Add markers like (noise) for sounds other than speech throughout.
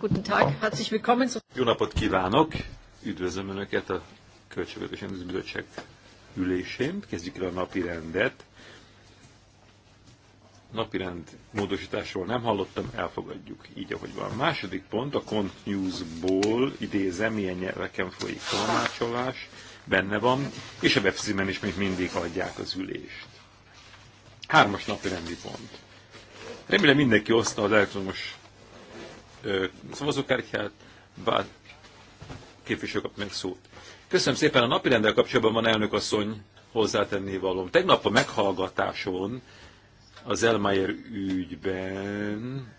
Guten Tag, herzlich willkommen. Jó napot kívánok! Üdvözlöm Önöket a Költségvetés Bizottság ülésén. Kezdjük el a napi rendet. Napirend módosításról nem hallottam, elfogadjuk így, ahogy van. A második pont, a Cont News-ból idézem, milyen nyelveken folyik tolmácsolás, benne van, és a webszímen is még mindig adják az ülést. Hármas napi rendi pont. Remélem mindenki oszta az elektromos szavazókártyát, bár képviselő kap meg szót. Köszönöm szépen, a napirendel kapcsolatban van elnök asszony hozzátenni valóm. Tegnap a meghallgatáson az Elmayer ügyben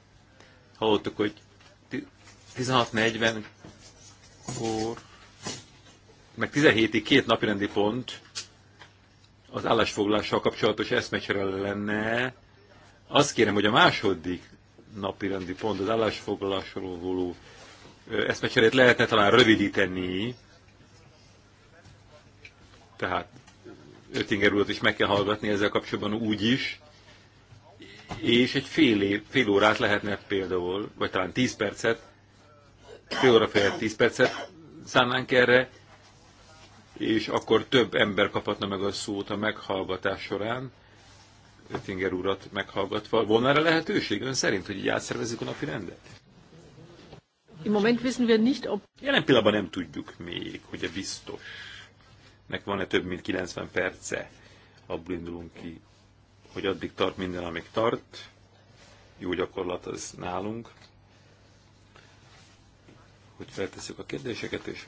hallottuk, hogy 16.40-kor meg 17-ig két napirendi pont az állásfoglalással kapcsolatos eszmecsere lenne. Azt kérem, hogy a második napi rendi pont, az állásfoglalásról való eszmecserét lehetne talán rövidíteni, tehát Ötinger urat is meg kell hallgatni ezzel kapcsolatban úgy is, és egy fél, év, fél órát lehetne például, vagy talán tíz percet, fél óra fél tíz percet szánnánk erre, és akkor több ember kaphatna meg a szót a meghallgatás során, Tinger urat meghallgatva, volna erre lehetőség ön szerint, hogy így átszervezzük a napi rendet? Im Moment wissen wir nicht, ob... Jelen pillanatban nem tudjuk még, hogy a biztos. Nek van-e több mint 90 perce? Abból indulunk ki, hogy addig tart minden, amíg tart. Jó gyakorlat az nálunk. Hogy feltesszük a kérdéseket, és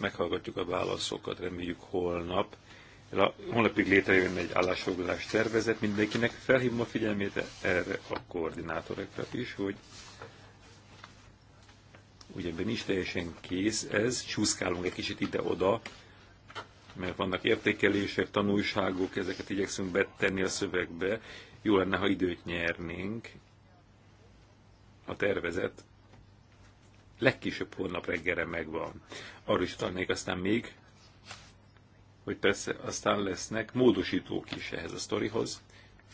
meghallgatjuk a válaszokat. Reméljük holnap honlapig létrejön egy állásfoglalás tervezet, mindenkinek felhívom a figyelmét erre a koordinátorokra is, hogy ugye is teljesen kész ez, csúszkálunk egy kicsit ide-oda, mert vannak értékelések, tanulságok, ezeket igyekszünk betenni a szövegbe. Jó lenne, ha időt nyernénk. A tervezet legkisebb holnap reggelre megvan. Arra is utalnék aztán még, hogy persze aztán lesznek módosítók is ehhez a sztorihoz,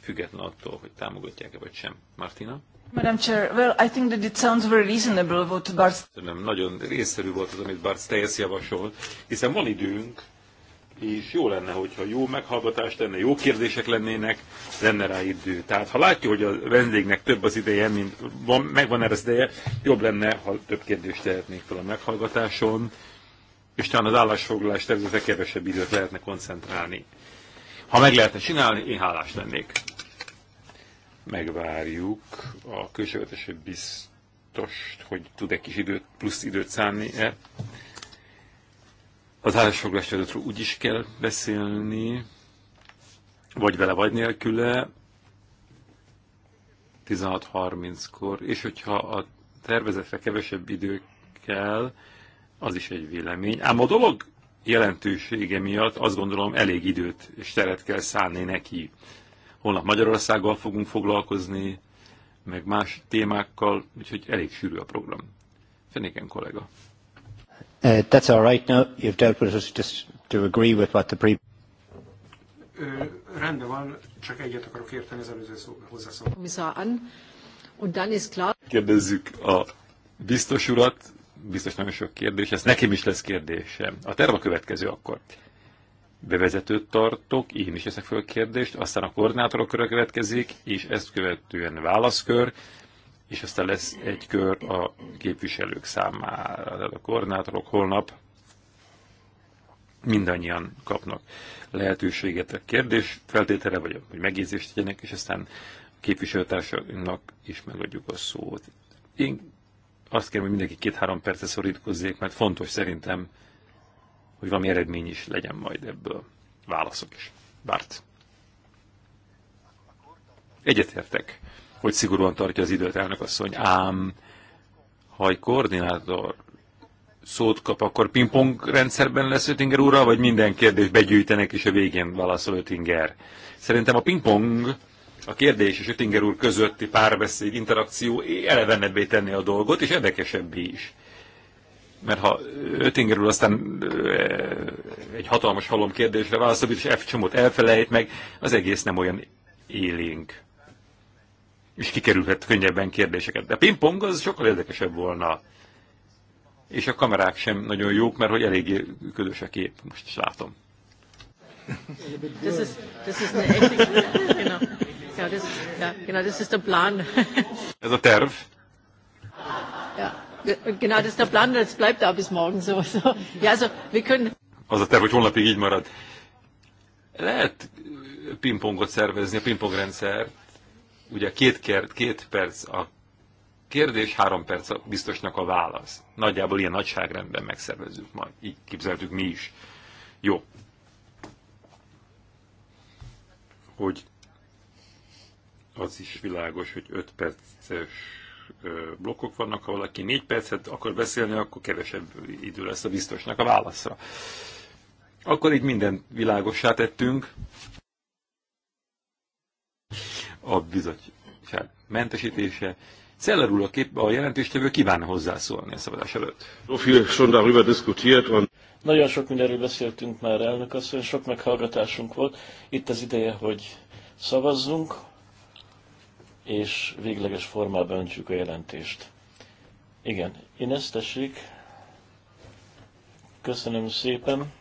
független attól, hogy támogatják-e vagy sem. Martina? Madam Chair, well, I think that it sounds very reasonable what Bart... Nem, nagyon részszerű volt az, amit Bart teljes javasolt, hiszen van időnk, és jó lenne, hogyha jó meghallgatás lenne, jó kérdések lennének, lenne rá idő. Tehát ha látja, hogy a vendégnek több az ideje, mint van, megvan erre az ideje, jobb lenne, ha több kérdést tehetnék fel a meghallgatáson, és talán az állásfoglalás tervezete kevesebb időt lehetne koncentrálni. Ha meg lehetne csinálni, én hálás lennék. Megvárjuk a költségvetési biztost, hogy tud egy kis időt, plusz időt szánni -e. Az állásfoglalás tervezetről úgy is kell beszélni, vagy vele, vagy nélküle, 16.30-kor, és hogyha a tervezetre kevesebb idő kell, az is egy vélemény. Ám a dolog jelentősége miatt azt gondolom elég időt és teret kell szállni neki. Holnap Magyarországgal fogunk foglalkozni, meg más témákkal, úgyhogy elég sűrű a program. Fenéken kollega. Uh, that's all right now. You've dealt with us just to agree with what the rendben van, csak egyet akarok érteni az előző szó, hozzászólásban. Kérdezzük a biztos urat, biztos nagyon sok kérdés, ez nekem is lesz kérdésem. A terv a következő akkor. Bevezetőt tartok, én is ezek föl kérdést, aztán a koordinátorok körre következik, és ezt követően válaszkör, és aztán lesz egy kör a képviselők számára. Tehát a koordinátorok holnap mindannyian kapnak lehetőséget a kérdés feltétele, vagy hogy megjegyzést tegyenek, és aztán képviselőtársaknak is megadjuk a szót. Én azt kérem, hogy mindenki két-három percet szorítkozzék, mert fontos szerintem, hogy valami eredmény is legyen majd ebből. Válaszok is. Bárt. Egyetértek, hogy szigorúan tartja az időt asszony. ám ha egy koordinátor szót kap, akkor pingpong rendszerben lesz Ötinger úrral, vagy minden kérdés begyűjtenek, és a végén válaszol Ötinger. Szerintem a pingpong a kérdés és Ötinger úr közötti párbeszéd, interakció elevennebbé tenni a dolgot, és érdekesebbé is. Mert ha Ötinger úr aztán eh, egy hatalmas halom kérdésre válaszol, és F csomót elfelejt meg, az egész nem olyan élénk. És kikerülhet könnyebben kérdéseket. De pingpong az sokkal érdekesebb volna. És a kamerák sem nagyon jók, mert hogy eléggé ködös a kép, most is látom. Ja, das, ja, genau, das ist der Plan. Ez (laughs) a terv. Ja, genau, das ist der Plan, das bleibt da bis morgen so. so. Ja, also, wir können... Az a terv, hogy holnapig így marad. Lehet pingpongot szervezni, a pingpongrendszer. Ugye két, kert, két perc a kérdés, három perc a biztosnak a válasz. Nagyjából ilyen nagyságrendben megszervezzük majd. Így képzeltük mi is. Jó. Hogy az is világos, hogy 5 perces blokkok vannak, ha valaki 4 percet akar beszélni, akkor kevesebb idő lesz a biztosnak a válaszra. Akkor így minden világossá tettünk. A bizottság mentesítése. Szeller úr, a, kép, a jelentéstevő kíván hozzászólni a szavazás előtt. Nagyon sok mindenről beszéltünk már, elnök asszony, sok meghallgatásunk volt. Itt az ideje, hogy szavazzunk és végleges formában öntsük a jelentést. Igen, én ezt tessék. Köszönöm szépen.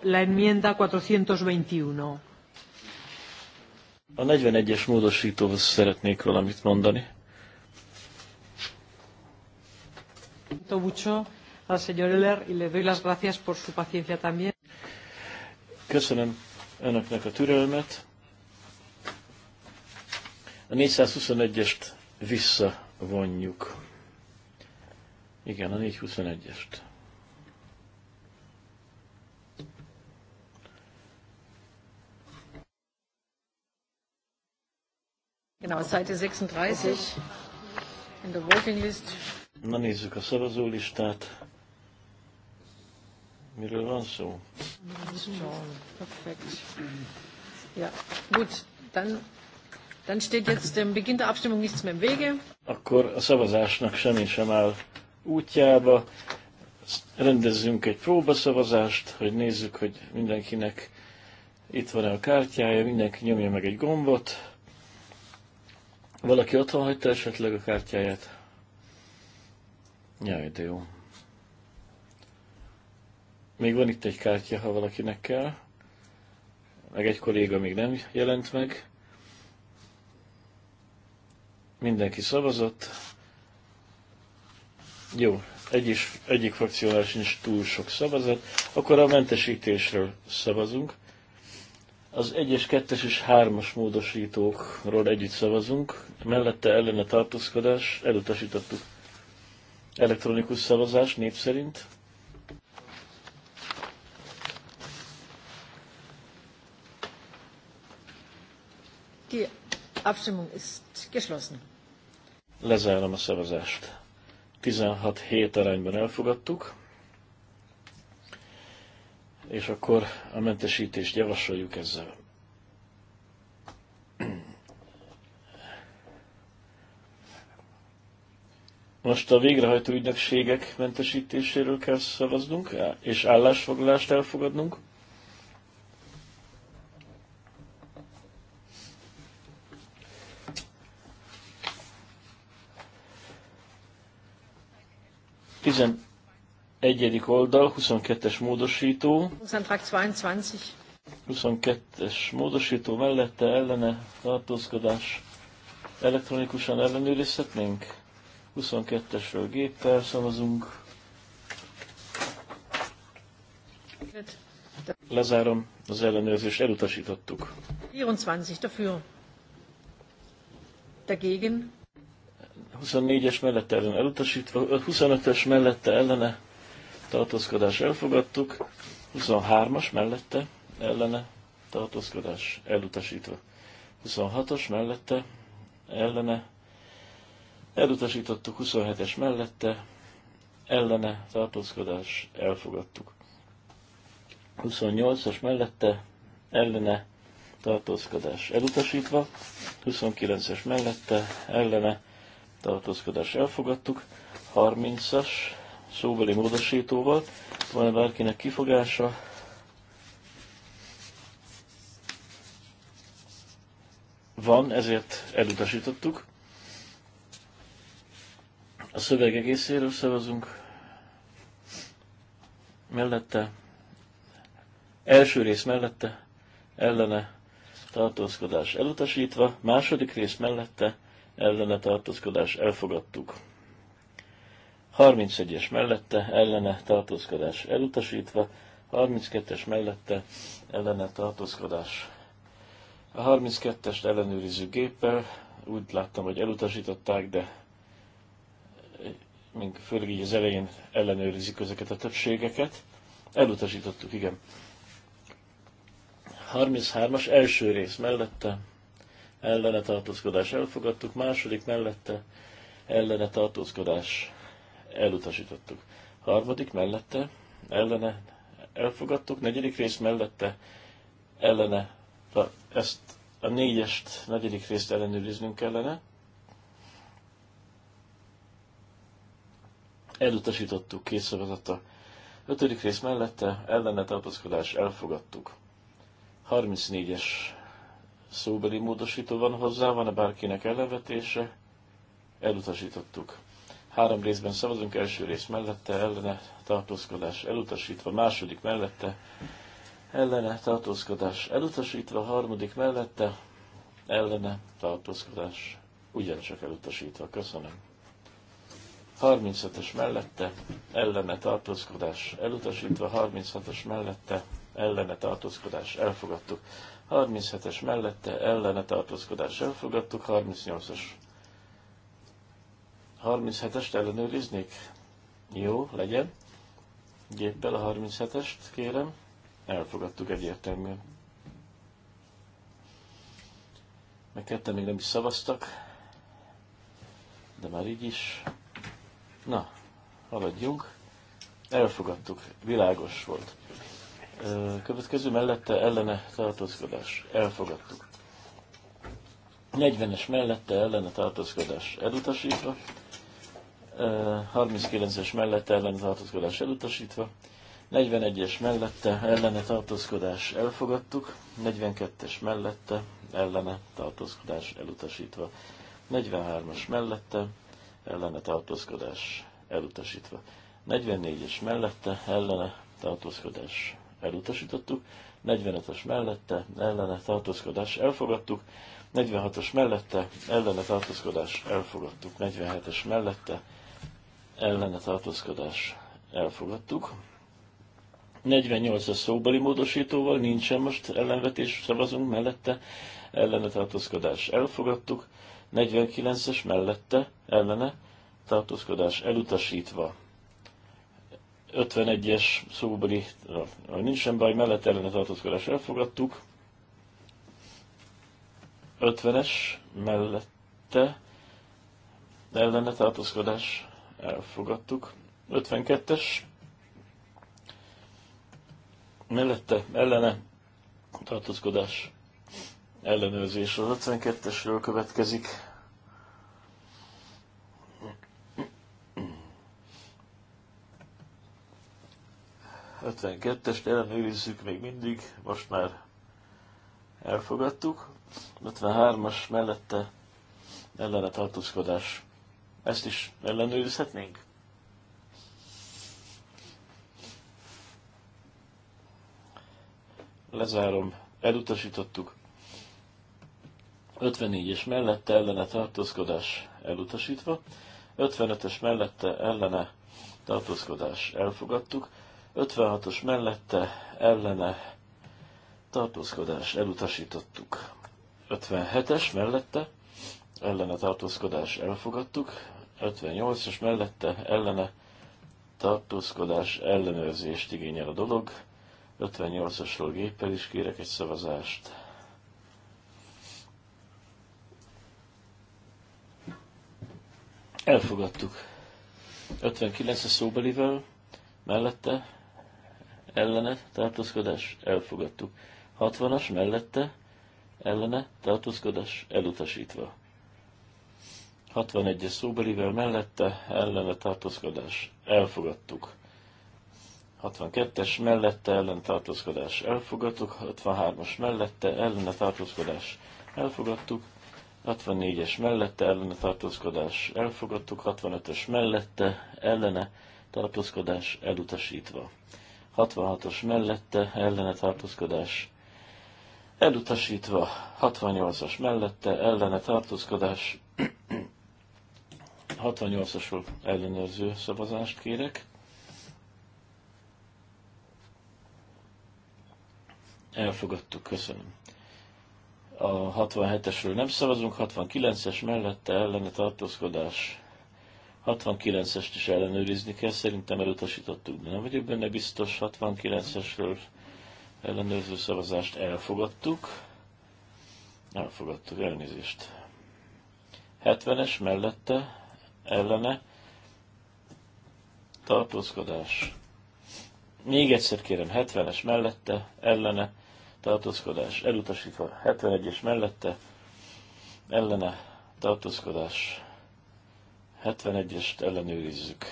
La enmienda 421. A 41-es módosítóhoz szeretnék valamit mondani. Tobucho, al señor Eller y le doy las gracias por su paciencia también. Köszönöm önöknek a türelmet. A 421-est visszavonjuk. Igen, a 421-est. Genau, Seite 36 in der Voting List. Na nézzük a szavazólistát miről van szó? Perfekt. Ja, gut, dann, dann steht jetzt dem ähm, Beginn der Abstimmung nichts mehr im Wege. Akkor a szavazásnak semmi sem áll útjába. Rendezzünk egy próbaszavazást, hogy nézzük, hogy mindenkinek itt van-e a kártyája, mindenki nyomja meg egy gombot. Valaki otthon hagyta esetleg a kártyáját? Jaj, de jó. Még van itt egy kártya, ha valakinek kell. Meg egy kolléga még nem jelent meg. Mindenki szavazott. Jó, egy is, egyik frakciónál sincs túl sok szavazat. Akkor a mentesítésről szavazunk. Az 1-es, 2-es és 3-as módosítókról együtt szavazunk. Mellette ellene tartózkodás, elutasítottuk. Elektronikus szavazás, népszerint. szerint. Lezárom a szavazást. 16 hét arányban elfogadtuk, és akkor a mentesítést javasoljuk ezzel. Most a végrehajtó ügynökségek mentesítéséről kell szavaznunk, és állásfoglalást elfogadnunk. 11. oldal, 22-es módosító. 22-es módosító mellette ellene tartózkodás elektronikusan ellenőrizhetnénk. 22-esről géppel szavazunk. Lezárom az ellenőrzést, elutasítottuk. 24 dafür. Dagegen. 24-es mellette ellen elutasítva, 25-ös mellette ellene tartózkodás elfogadtuk, 23-as mellette ellene tartózkodás elutasítva, 26-os mellette ellene elutasítottuk, 27-es mellette ellene tartózkodás elfogadtuk, 28-as mellette ellene tartózkodás elutasítva, 29-es mellette ellene tartózkodás elfogadtuk. 30-as szóbeli módosítóval. Van-e bárkinek kifogása? Van, ezért elutasítottuk. A szöveg egészéről szavazunk. Mellette, első rész mellette, ellene, tartózkodás elutasítva, második rész mellette, ellene tartózkodás elfogadtuk. 31-es mellette ellene tartózkodás elutasítva, 32-es mellette ellene tartózkodás. A 32-est ellenőriző géppel úgy láttam, hogy elutasították, de eh, még főleg így az elején ellenőrizik ezeket a többségeket. Elutasítottuk, igen. 33-as első rész mellette ellene tartózkodás elfogadtuk, második mellette ellene tartózkodás elutasítottuk. Harmadik mellette ellene elfogadtuk, negyedik rész mellette ellene ezt a négyest, negyedik részt ellenőriznünk kellene. Elutasítottuk két szavazata. Ötödik rész mellette ellene tartózkodás elfogadtuk. 34-es szóbeli módosító van hozzá, van-e bárkinek elevetése? Elutasítottuk. Három részben szavazunk, első rész mellette, ellene, tartózkodás elutasítva, második mellette, ellene, tartózkodás elutasítva, harmadik mellette, ellene, tartózkodás ugyancsak elutasítva. Köszönöm. 35 es mellette, ellene tartózkodás elutasítva, 36-os mellette, ellene tartózkodás elfogadtuk. 37-es mellette ellene tartózkodás elfogadtuk, 38-as. 37-est ellenőriznék? Jó, legyen. Géppel a 37-est kérem. Elfogadtuk egyértelműen. Meg ketten még nem is szavaztak, de már így is. Na, haladjunk. Elfogadtuk, világos volt. Következő mellette ellene tartózkodás. Elfogadtuk. 40-es mellette ellene tartózkodás elutasítva. 39-es mellette ellene tartózkodás elutasítva. 41-es mellette ellene tartózkodás elfogadtuk. 42-es mellette ellene tartózkodás elutasítva. 43-as mellette ellene tartózkodás elutasítva. 44-es mellette ellene tartózkodás elutasítottuk, 45-ös mellette ellene tartózkodás elfogadtuk, 46-os mellette ellene tartózkodás elfogadtuk, 47-es mellette ellene tartózkodás elfogadtuk. 48-as szóbeli módosítóval nincsen most ellenvetés, szavazunk mellette, ellene tartózkodás elfogadtuk, 49-es mellette ellene tartózkodás elutasítva. 51-es szóbeli, sem baj, mellett ellene tartózkodás elfogadtuk. 50-es mellette ellene tartózkodás elfogadtuk. 52-es mellette ellene tartózkodás ellenőrzés az 52-esről következik. 52-est ellenőrizzük még mindig, most már elfogadtuk. 53-as mellette ellene tartózkodás. Ezt is ellenőrizhetnénk? Lezárom, elutasítottuk. 54-es mellette ellene tartózkodás elutasítva, 55-es mellette ellene tartózkodás elfogadtuk, 56-os mellette ellene tartózkodás elutasítottuk. 57-es mellette ellene tartózkodás elfogadtuk. 58-as mellette ellene tartózkodás ellenőrzést igényel a dolog. 58-asról géppel is kérek egy szavazást. Elfogadtuk. 59-es szóbelivel mellette ellene tartózkodás elfogadtuk. 60-as mellette ellene tartózkodás elutasítva. 61-es szóbelivel mellette ellene tartózkodás elfogadtuk. 62-es mellette ellen tartózkodás elfogadtuk, 63-as mellette ellene tartózkodás elfogadtuk, 64-es mellette ellene tartózkodás elfogadtuk, 65-ös mellette ellene tartózkodás elutasítva. 66-os mellette ellene tartózkodás elutasítva, 68-as mellette ellene tartózkodás 68-asról (clears throat) ellenőrző szavazást kérek. Elfogadtuk, köszönöm. A 67-esről nem szavazunk, 69-es mellette ellene tartózkodás 69-est is ellenőrizni kell, szerintem elutasítottuk, de nem vagyok benne biztos, 69-esről ellenőrző szavazást elfogadtuk. Elfogadtuk, elnézést. 70-es mellette, ellene, tartózkodás. Még egyszer kérem, 70-es mellette, ellene, tartózkodás. Elutasítva, 71-es mellette, ellene, tartózkodás 71-est ellenőrizzük.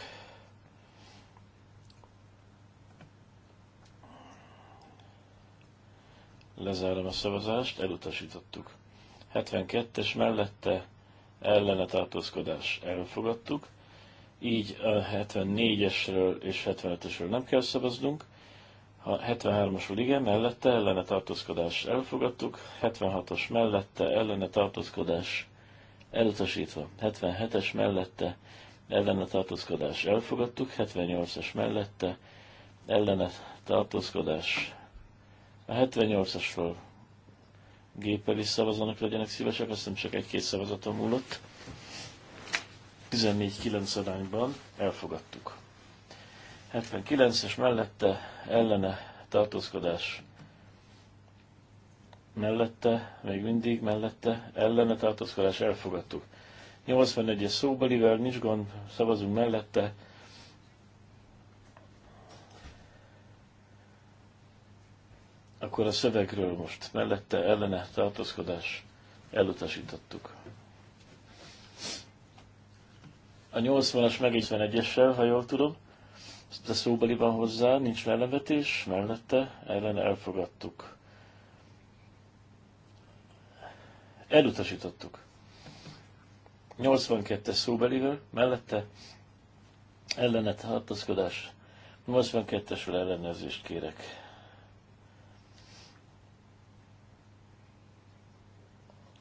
Lezárom a szavazást, elutasítottuk. 72-es mellette ellene tartózkodás elfogadtuk, így a 74-esről és 75-esről nem kell szavaznunk, a 73-asról igen, mellette ellene tartózkodás elfogadtuk, 76-os mellette ellene tartózkodás elutasítva. 77-es mellette ellene tartózkodás elfogadtuk, 78-as mellette ellene tartózkodás. A 78-asról géppel is szavazanak, legyenek szívesek, azt nem csak egy-két szavazatom múlott. 14-9 arányban elfogadtuk. 79-es mellette ellene tartózkodás mellette, még mindig mellette, ellene tartózkodás elfogadtuk. 81-es szóbelivel nincs gond, szavazunk mellette. Akkor a szövegről most mellette ellene tartózkodás elutasítottuk. A 80-as meg 81 essel ha jól tudom, ezt a szóbeliban hozzá, nincs ellenvetés, mellette ellen elfogadtuk. Elutasítottuk. 82-es szóbelivel, mellette ellenet tartózkodás. 82-esről ellenőrzést kérek.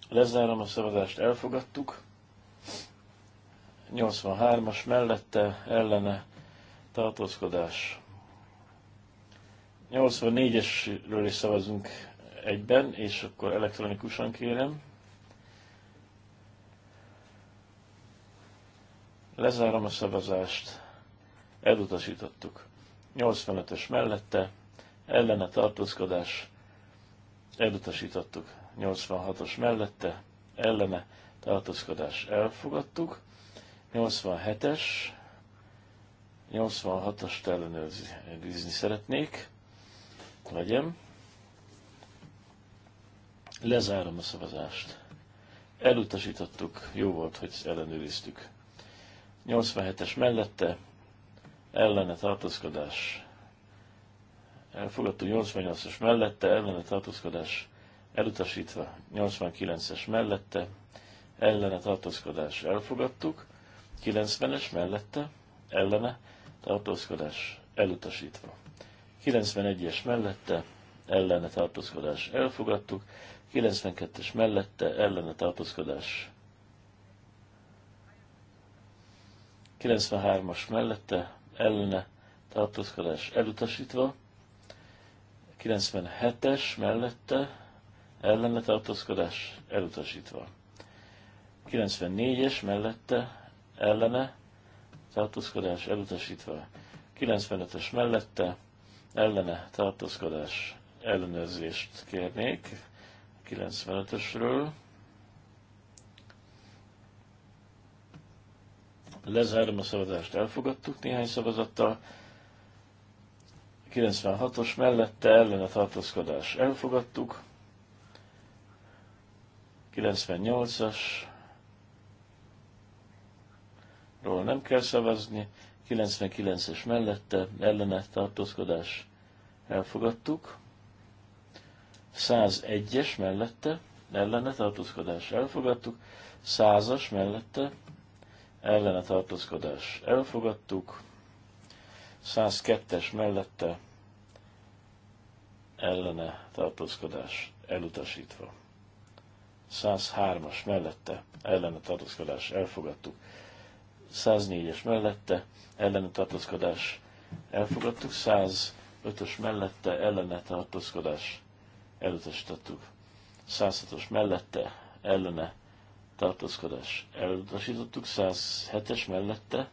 Lezárom a szavazást, elfogadtuk. 83-as mellette ellene tartózkodás. 84-esről is szavazunk egyben, és akkor elektronikusan kérem. Lezárom a szavazást. Elutasítottuk. 85-ös mellette, ellene tartózkodás. Elutasítottuk. 86-os mellette, ellene tartózkodás. Elfogadtuk. 87-es, 86-ast ellenőrizni szeretnék. Legyen. Lezárom a szavazást. Elutasítottuk, jó volt, hogy ellenőriztük. 87-es mellette ellene tartózkodás elfogadtuk, 88-as mellette ellene tartózkodás elutasítva, 89-es mellette ellene tartózkodás elfogadtuk, 90-es mellette ellene tartózkodás elutasítva. 91-es mellette ellene tartózkodás elfogadtuk, 92-es mellette ellene tartózkodás 93-as mellette ellene tartózkodás elutasítva, 97-es mellette ellene tartózkodás elutasítva, 94-es mellette ellene tartózkodás elutasítva, 95-es mellette ellene tartózkodás ellenőrzést kérnék 95-ösről. Lezárom a szavazást, elfogadtuk néhány szavazattal. 96-os mellette ellene tartózkodás elfogadtuk. 98-as ról nem kell szavazni. 99-es mellette ellene tartózkodás elfogadtuk. 101-es mellette ellene tartózkodás elfogadtuk. 100-as mellette ellene tartózkodás elfogadtuk, 102-es mellette ellene tartózkodás elutasítva. 103-as mellette ellene tartózkodás elfogadtuk. 104-es mellette ellene tartózkodás elfogadtuk. 105-ös mellette ellene tartózkodás elutasítottuk. 106-os mellette ellene tartózkodás elutasítottuk, 107-es mellette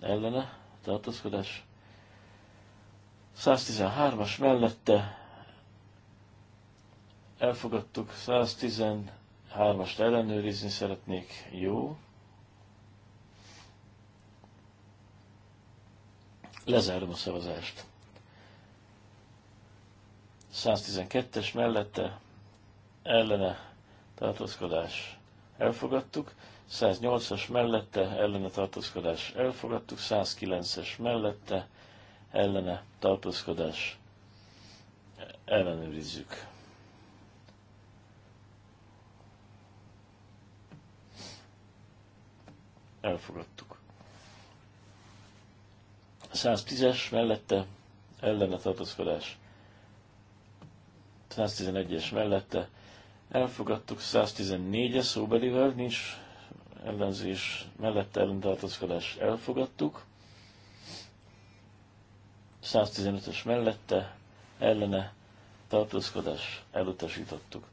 ellene tartózkodás, 113-as mellette elfogadtuk, 113-ast ellenőrizni szeretnék, jó. Lezárom a szavazást. 112-es mellette ellene tartózkodás elfogadtuk, 108-as mellette ellene tartózkodás elfogadtuk, 109-es mellette ellene tartózkodás ellenőrizzük. Elfogadtuk. 110-es mellette ellene tartózkodás 111-es mellette Elfogadtuk 114-es szóbelivel, nincs ellenzés mellette ellentartózkodás elfogadtuk. 115-ös mellette ellene tartózkodás elutasítottuk.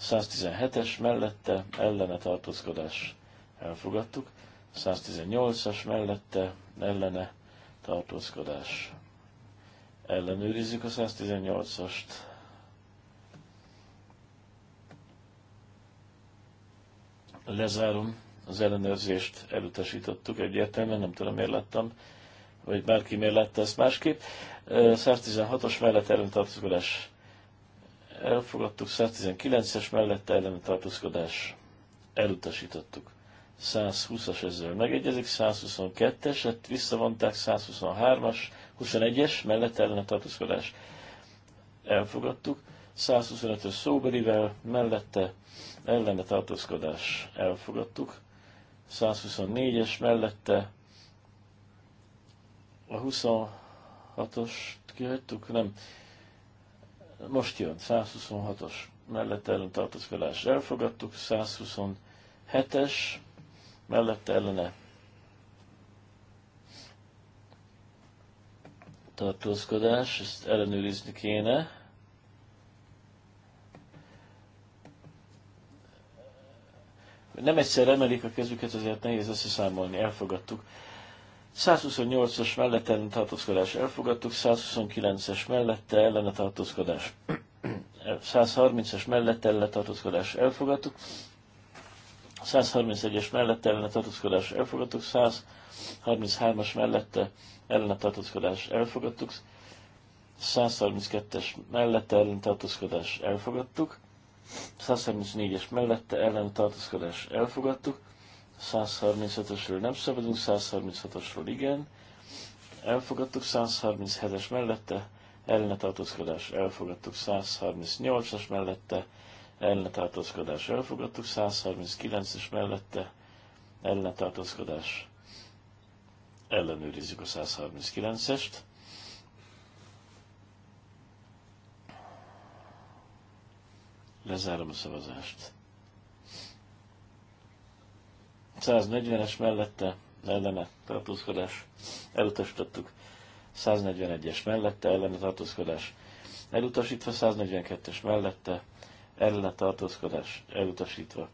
117-es mellette ellene tartózkodás elfogadtuk. 118-as mellette ellene tartózkodás. Ellenőrizzük a 118-ast. Lezárom az ellenőrzést, elutasítottuk egyértelműen, nem tudom miért láttam, vagy bárki miért látta ezt másképp. 116-os mellett ellentartózkodás elfogadtuk, 119-es mellett ellentartózkodás elutasítottuk. 120-as ezzel megegyezik, 122-eset hát visszavonták, 123-as, 21-es mellett a tartózkodás elfogadtuk, 125-ös szóbelivel mellette ellene tartózkodás elfogadtuk, 124-es mellette a 26-os kihagytuk, nem, most jön, 126-os mellette ellen tartózkodás elfogadtuk, 127-es mellette ellene tartózkodás, ezt ellenőrizni kéne. nem egyszer emelik a kezüket, ezért nehéz összeszámolni, elfogadtuk. 128-as mellette ellentartózkodás (clears throat) elfogadtuk, 129-es mellette ellenetartózkodás, 130-es mellette ellenetartózkodás elfogadtuk, 131-es mellette ellenetartózkodás elfogadtuk, 133-as mellette ellenetartózkodás elfogadtuk, 132-es mellette ellentartózkodás elfogadtuk, 134-es mellette ellen tartózkodás elfogadtuk, 135-ösről nem szabadunk, 136-osról igen, elfogadtuk, 137-es mellette ellen tartózkodás elfogadtuk, 138-as mellette ellen tartózkodás elfogadtuk, 139-es mellette ellen tartózkodás ellenőrizzük a 139-est. Lezárom a szavazást. 140-es mellette ellene tartózkodás elutasítottuk. 141-es mellette ellene tartózkodás elutasítva, 142-es mellette ellene tartózkodás elutasítva,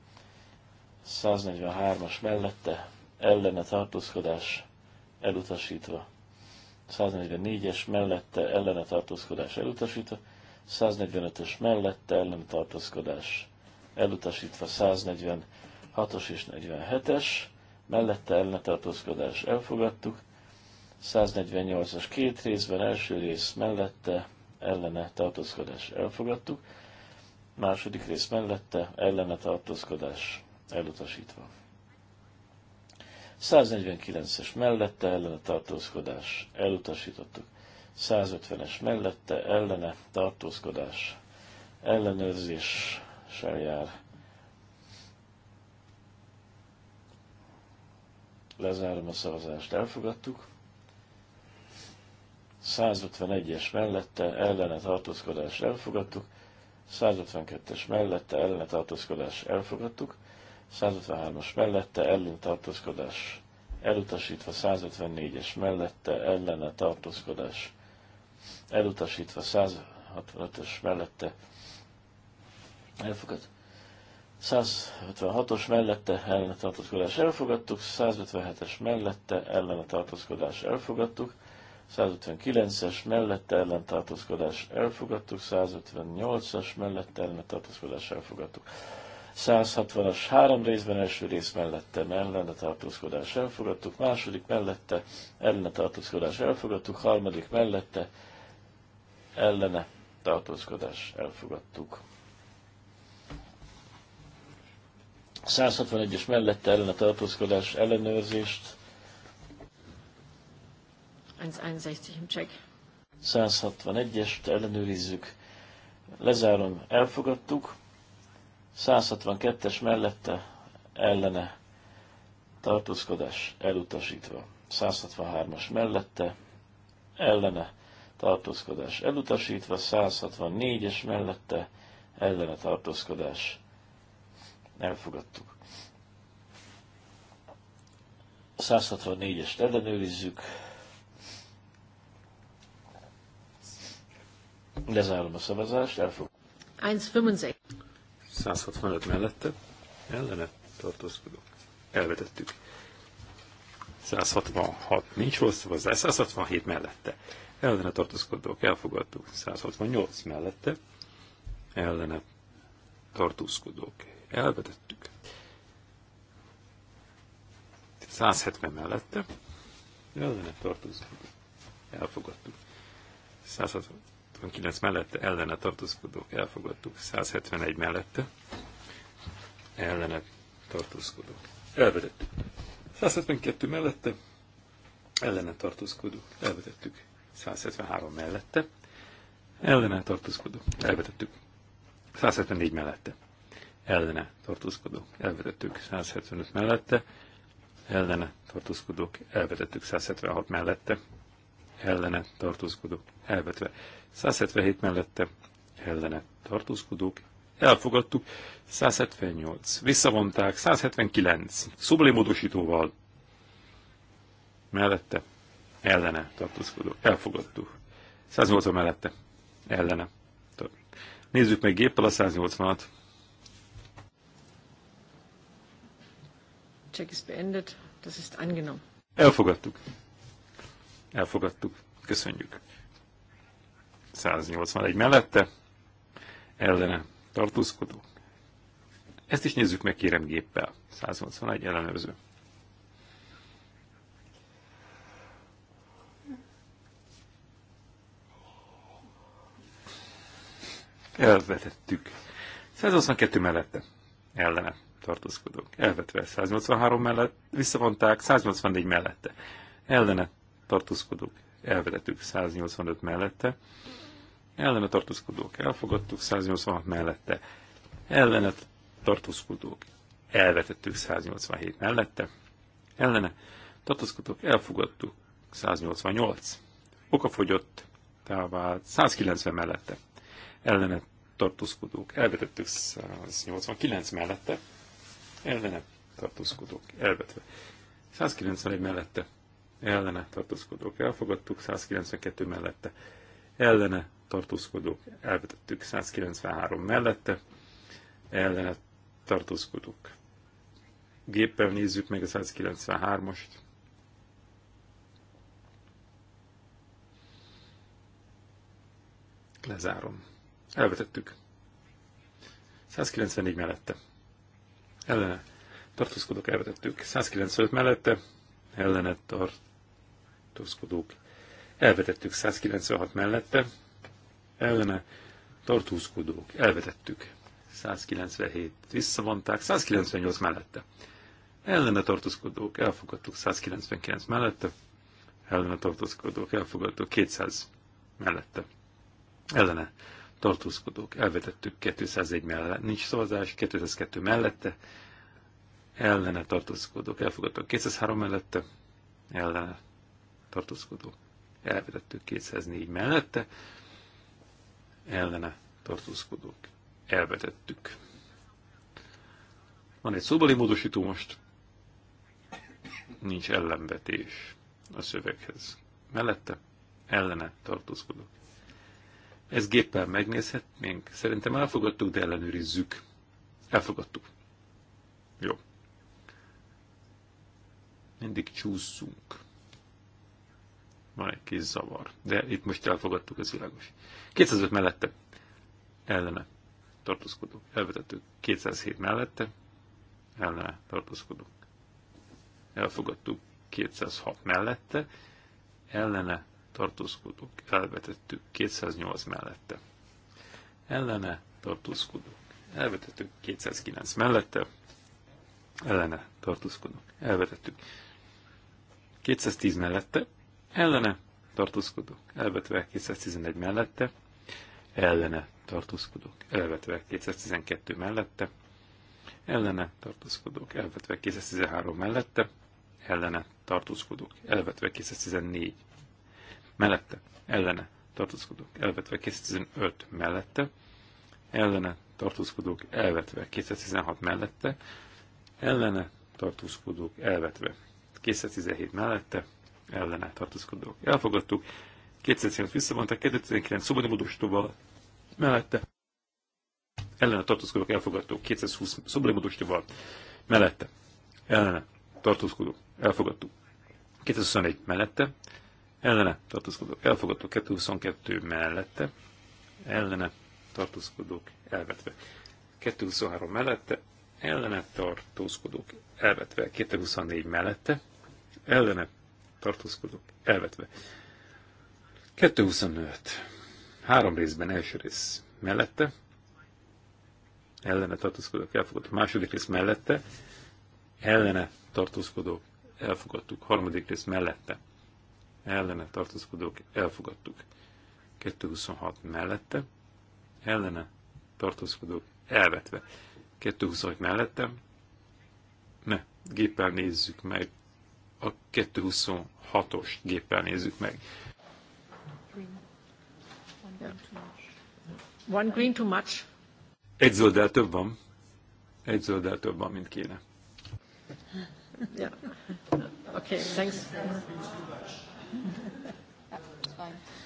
143-as mellette ellene tartózkodás elutasítva, 144-es mellette ellene tartózkodás elutasítva, 145-ös mellette ellentartózkodás elutasítva 146-os és 47-es, mellette ellentartózkodás elfogadtuk, 148-as két részben, első rész mellette ellene tartózkodás elfogadtuk, második rész mellette ellene tartózkodás elutasítva. 149-es mellette ellene tartózkodás elutasítottuk. 150-es mellette ellene tartózkodás ellenőrzéssel jár. Lezárom a szavazást, elfogadtuk. 151-es mellette ellene tartózkodás elfogadtuk. 152-es mellette ellene tartózkodás elfogadtuk. 153-as mellette ellen tartózkodás elutasítva 154-es mellette ellene tartózkodás elutasítva 165-ös mellette elfogadtuk. 156-os mellette ellene tartózkodás elfogadtuk, 157-es mellette ellene tartózkodás elfogadtuk, 159-es mellette tartózkodás elfogadtuk, 158-as mellette tartózkodás elfogadtuk. 160-as három részben első rész mellette tartózkodás elfogadtuk, második mellette tartózkodás elfogadtuk, harmadik mellette ellene tartózkodás elfogadtuk. 161-es mellette a tartózkodás ellenőrzést. 161-est ellenőrizzük. Lezárom, elfogadtuk. 162-es mellette ellene tartózkodás elutasítva. 163-as mellette ellene tartózkodás elutasítva, 164 és mellette ellene tartózkodás elfogadtuk. 164-est ellenőrizzük. Lezárom a szavazást, elfog. 165 mellette ellene tartózkodó. Elvetettük. 166 nincs rossz szavazás, 167 mellette ellene tartózkodók elfogadtuk 168 mellette, ellene tartózkodók elvetettük 170 mellette, ellene tartózkodók elfogadtuk 169 mellette, ellene tartózkodók elfogadtuk 171 mellette, ellene tartózkodók elvetettük 172 mellette, ellene tartózkodók elvetettük 173 mellette, ellene tartózkodó. elvetettük. 174 mellette, ellene tartózkodók, elvetettük. 175 mellette, ellene tartózkodók, elvetettük. 176 mellette, ellene tartózkodók, elvetve. 177 mellette, ellene tartózkodók, elfogadtuk. 178, visszavonták, 179, szublimódosítóval, mellette, ellene tartózkodók, elfogadtuk. 180 mellette, ellene. Nézzük meg géppel a 180-at. Check is beendet. Das ist angenommen. Elfogadtuk. Elfogadtuk. Köszönjük. 181 mellette, ellene Tartózkodó. Ezt is nézzük meg kérem géppel. 181 ellenőrző. elvetettük. 182 mellette ellene tartózkodók, elvetve 183 mellett, visszavonták 184 mellette, ellene tartózkodók, elvetettük 185 mellette, ellene tartózkodók, elfogadtuk 186 mellette, ellene tartózkodók, elvetettük 187 mellette, ellene tartózkodók, elfogadtuk 188, okafogyott, tehát 190 mellette, ellene tartózkodók elvetettük 189 mellette, ellene tartózkodók elvetve. 191 mellette ellene tartózkodók elfogadtuk, 192 mellette ellene tartózkodók elvetettük, 193 mellette ellene tartózkodók. Géppel nézzük meg a 193 ost Lezárom. Elvetettük. 194 mellette. Ellene. Tartózkodók elvetettük. 195 mellette. Ellene tartózkodók. Elvetettük 196 mellette. Ellene tartózkodók. Elvetettük. 197 visszavonták. 198 mellette. Ellene tartózkodók. Elfogadtuk 199 mellette. Ellene tartózkodók. Elfogadtuk 200 mellette. Ellene tartózkodók, elvetettük 201 mellett, nincs szavazás, 202 mellette, ellene tartózkodók, elfogadtuk 203 mellette, ellene tartózkodók, elvetettük 204 mellette, ellene tartózkodók, elvetettük. Van egy szóbeli módosító most, nincs ellenvetés a szöveghez. Mellette ellene tartózkodok. Ezt géppel megnézhetnénk? Szerintem elfogadtuk, de ellenőrizzük. Elfogadtuk. Jó. Mindig csúszunk. Van egy kis zavar. De itt most elfogadtuk, ez világos. 205 mellette. Ellene. Tartózkodó. Elvetettük. 207 mellette. Ellene. Tartózkodó. Elfogadtuk. 206 mellette. Ellene tartózkodók elvetettük 208 mellette. Ellene tartózkodók elvetettük 209 mellette. Ellene tartózkodók elvetettük 210 mellette. Ellene tartózkodók elvetve 211 mellette. Ellene tartózkodók elvetve 212 mellette. Ellene tartózkodók elvetve 213 mellette. Ellene tartózkodók elvetve 214 mellette, ellene tartózkodók elvetve 215 mellette, ellene tartózkodók elvetve 216 mellette, ellene tartózkodók elvetve 217 mellette, ellene tartózkodók elfogadtuk, 218 visszavonták, 219 szobadimodostóval mellette, ellene tartózkodók elfogadtuk, 220 szobadimodostóval mellette, ellene tartózkodók elfogadtuk, 221 mellette, ellene tartózkodók elfogadtak 222 mellette, ellene tartózkodók elvetve. 223 mellette, ellene tartózkodók elvetve. 224 mellette, ellene tartózkodók elvetve. 225. Három részben első rész mellette, ellene tartózkodók elfogadtuk. Második rész mellette, ellene tartózkodók elfogadtuk. Harmadik rész mellette, ellene tartózkodók elfogadtuk. 226 mellette, ellene tartózkodók elvetve. 226 mellettem, ne, géppel nézzük meg, a 226-os géppel nézzük meg. One green too much. Egy zöldel több van. Egy zöldel több van, mint kéne. Yeah. Okay, thanks.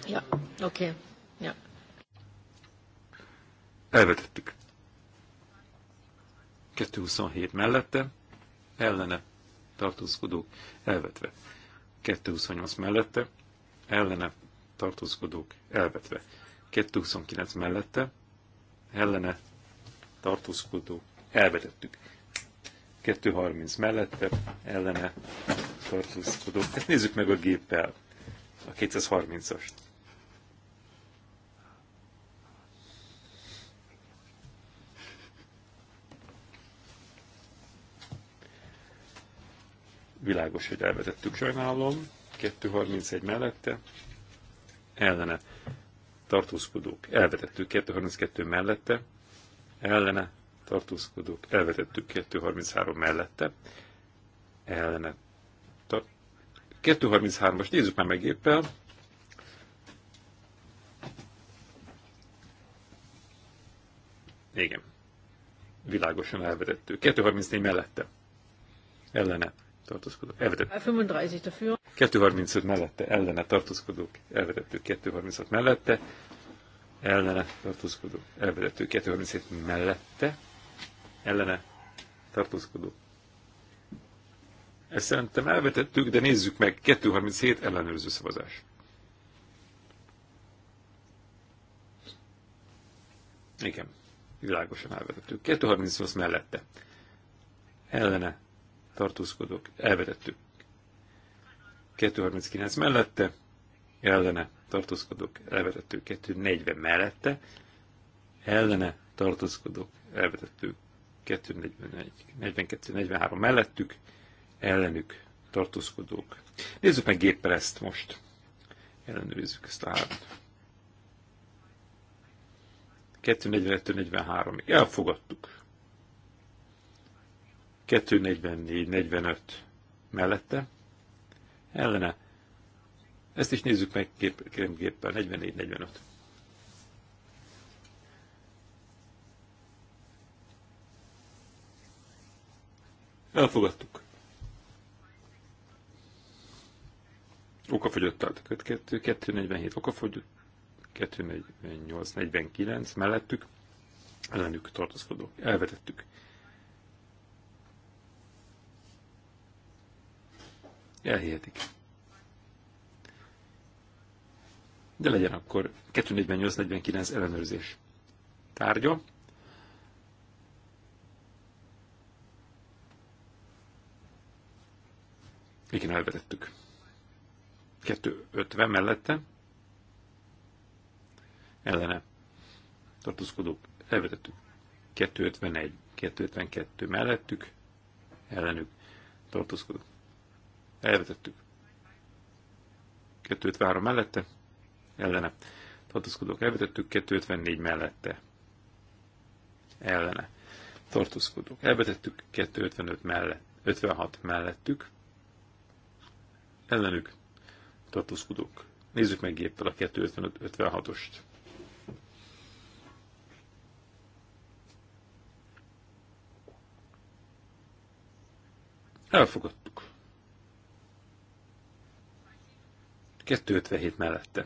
Ja, oké. Okay. Ja. Elvetettük. 227 mellette, ellene tartózkodók elvetve. 228 mellette, ellene tartózkodók elvetve. 229 mellette, ellene tartózkodók elvetettük. 230 mellette, ellene tartózkodók. Ezt nézzük meg a géppel, a 230-ast. Világos, hogy elvetettük, sajnálom. 231 mellette, ellene tartózkodók. Elvetettük 232 mellette, ellene tartózkodók, elvetettük 233 mellette, ellene. 233-as, nézzük már meg éppen. Igen, világosan elvetettük. 234 mellette, ellene tartózkodók, elvetettük. 235 mellette, ellene tartózkodók, elvetettük 236 mellette, ellene tartózkodók, elvetettük 237 mellette, ellene tartózkodó. Ezt szerintem elvetettük, de nézzük meg. 237 ellenőrző szavazás. Igen, világosan elvetettük. 238 mellette. Ellene tartózkodók. Elvetettük. 239 mellette. Ellene tartózkodók. Elvetettük. 240 mellette. Ellene tartózkodók. Elvetettük. 42, 42, 43 mellettük, ellenük tartózkodók. Nézzük meg géppel ezt most. Ellenőrizzük ezt a hármat. 242-43-ig elfogadtuk. 244-45 mellette, ellene. Ezt is nézzük meg kérem géppel, 44-45. Elfogadtuk. Okafogyott tehát 247 okafogyott, 248, 49 mellettük, ellenük tartozkodók, elvetettük. Elhihetik. De legyen akkor 248-49 ellenőrzés tárgya. Igen, elvetettük. 250 mellette ellene tartózkodók elvetettük. 251, 252 mellettük ellenük tartózkodók elvetettük. 253 mellette ellene tartózkodók elvetettük, 254 mellette ellene tartózkodók elvetettük, 255 mellett 56 mellettük ellenük tartózkodók. Nézzük meg géppel a 256-ost. Elfogadtuk. 257 mellette.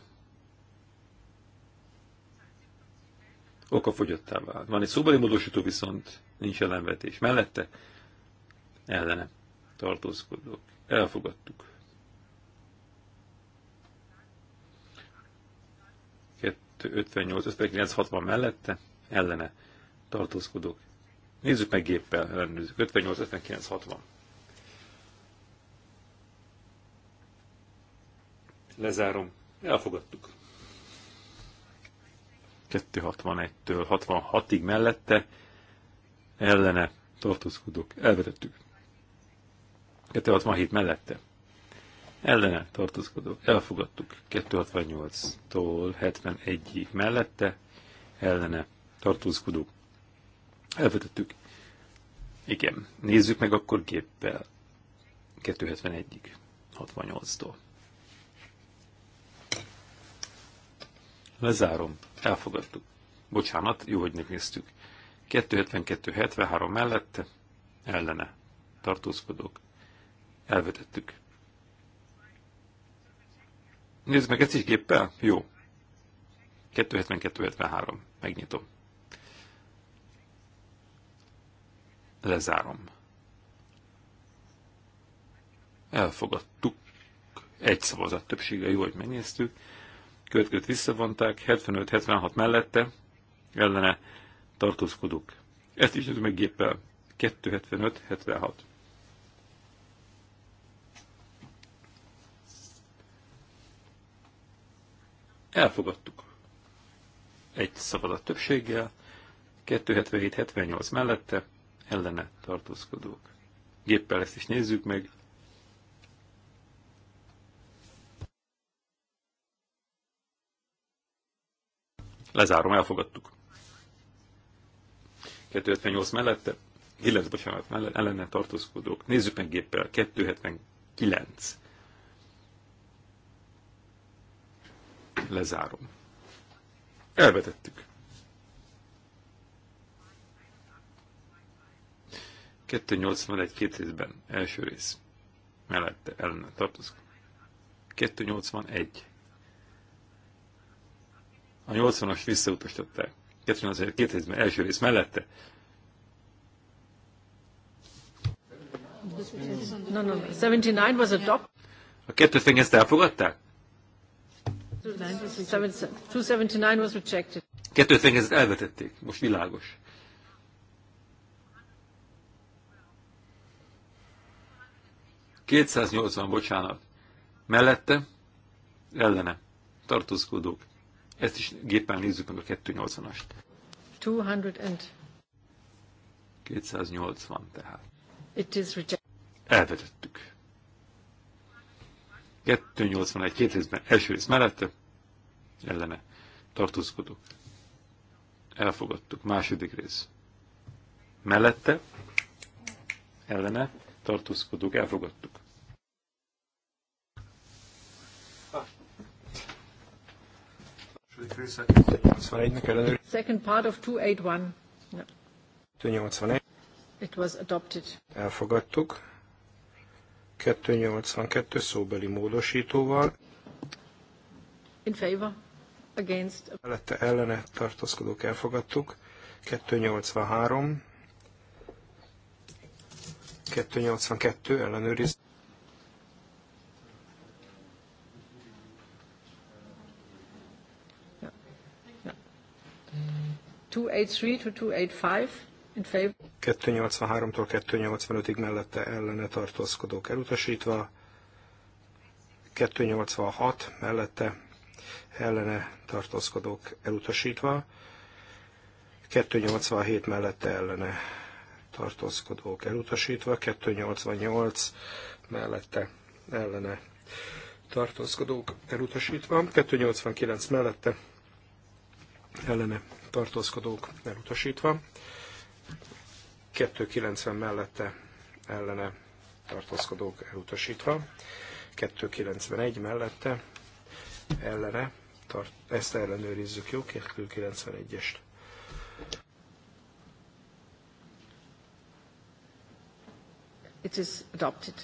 Oka Okafogyottá vált. Van egy szóbeli módosító viszont, nincs ellenvetés. Mellette ellene tartózkodók. Elfogadtuk. 58, 59, 60 mellette, ellene tartózkodók. Nézzük meg géppel, ellenőrzzük. 58, 59, 60. Lezárom. Elfogadtuk. 261-től 66-ig mellette ellene tartózkodók. Elvetettük. 267 mellette ellene tartózkodók elfogadtuk 268-tól 71-ig mellette, ellene tartózkodók elvetettük. Igen, nézzük meg akkor géppel 271-ig, 68-tól. Lezárom, elfogadtuk. Bocsánat, jó, hogy megnéztük. 272-73 mellette, ellene tartózkodók elvetettük. Nézd meg ezt is géppel? Jó. 272-73. Megnyitom. Lezárom. Elfogadtuk. Egy szavazat többsége, jó, hogy megnéztük. Következőt visszavonták, 75-76 mellette, ellene tartózkodók. Ezt is nézzük meg géppel. 275-76. Elfogadtuk. Egy szavazat többséggel, 277-78 mellette, ellene tartózkodók. Géppel ezt is nézzük meg. Lezárom, elfogadtuk. 278 mellette, illetve bocsánat, mellette, ellene tartózkodók. Nézzük meg géppel, 279. lezárom. Elvetettük. 281 két részben, első rész. Mellette ellene tartozik. 281. A 80-as visszautasította. 281 két részben, első rész mellette. No, no, no. 79 was a top. A kettőt elfogadták? 279 was rejected. elvetették, most világos. 280, bocsánat. Mellette, ellene, tartózkodók. Ezt is gépen nézzük meg a 280-ast. 280 tehát. It is rejected. Elvetettük. 281 két részben első rész mellette ellene tartózkodók. Elfogadtuk. Második rész. Mellette ellene tartózkodók. Elfogadtuk. Second part of 281. 281. It was adopted. Elfogadtuk. 282 szóbeli módosítóval. In favor. Against. Mellette ellene tartózkodók elfogadtuk. 283. 282 ellenőriz. Yeah. Yeah. 283 to 285. 283-tól 285-ig mellette ellene tartózkodók elutasítva, 286 mellette ellene tartózkodók elutasítva, 287 mellette ellene tartózkodók elutasítva, 288 mellette ellene tartózkodók elutasítva, 289 mellette ellene tartózkodók elutasítva, 290 mellette ellene tartózkodók elutasítva, 291 mellette ellene, tart, ezt ellenőrizzük, jó? 291-est. It is adopted.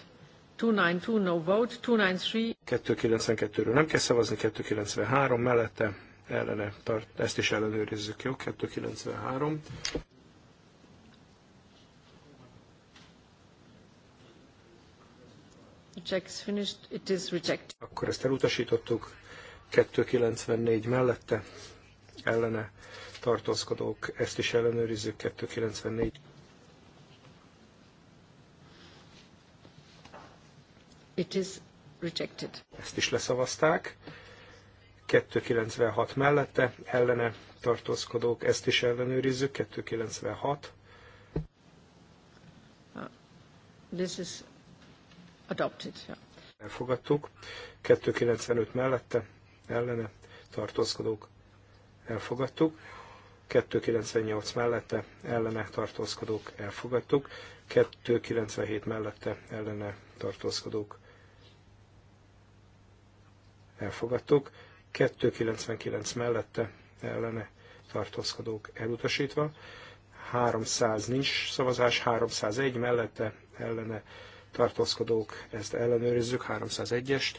292 no vote, 293. 292-ről nem kell szavazni, 293 mellette ellene tart, ezt is ellenőrizzük, jó? 293. Akkor ezt elutasítottuk. 294 mellette ellene tartózkodók, ezt is ellenőrizzük 294. It is rejected. Ezt is leszavazták. 296 mellette ellene tartózkodók, ezt is ellenőrizzük, 296. Uh, this is Adopted. Yeah. Elfogadtuk. 295 mellette, ellene, tartózkodók. Elfogadtuk. 298 mellette, ellene, tartózkodók. Elfogadtuk. 297 mellette, ellene, tartózkodók. Elfogadtuk. 299 mellette, ellene, tartózkodók. Elutasítva. 300 nincs szavazás, 301 mellette, ellene, tartózkodók, ezt ellenőrizzük, 301-est.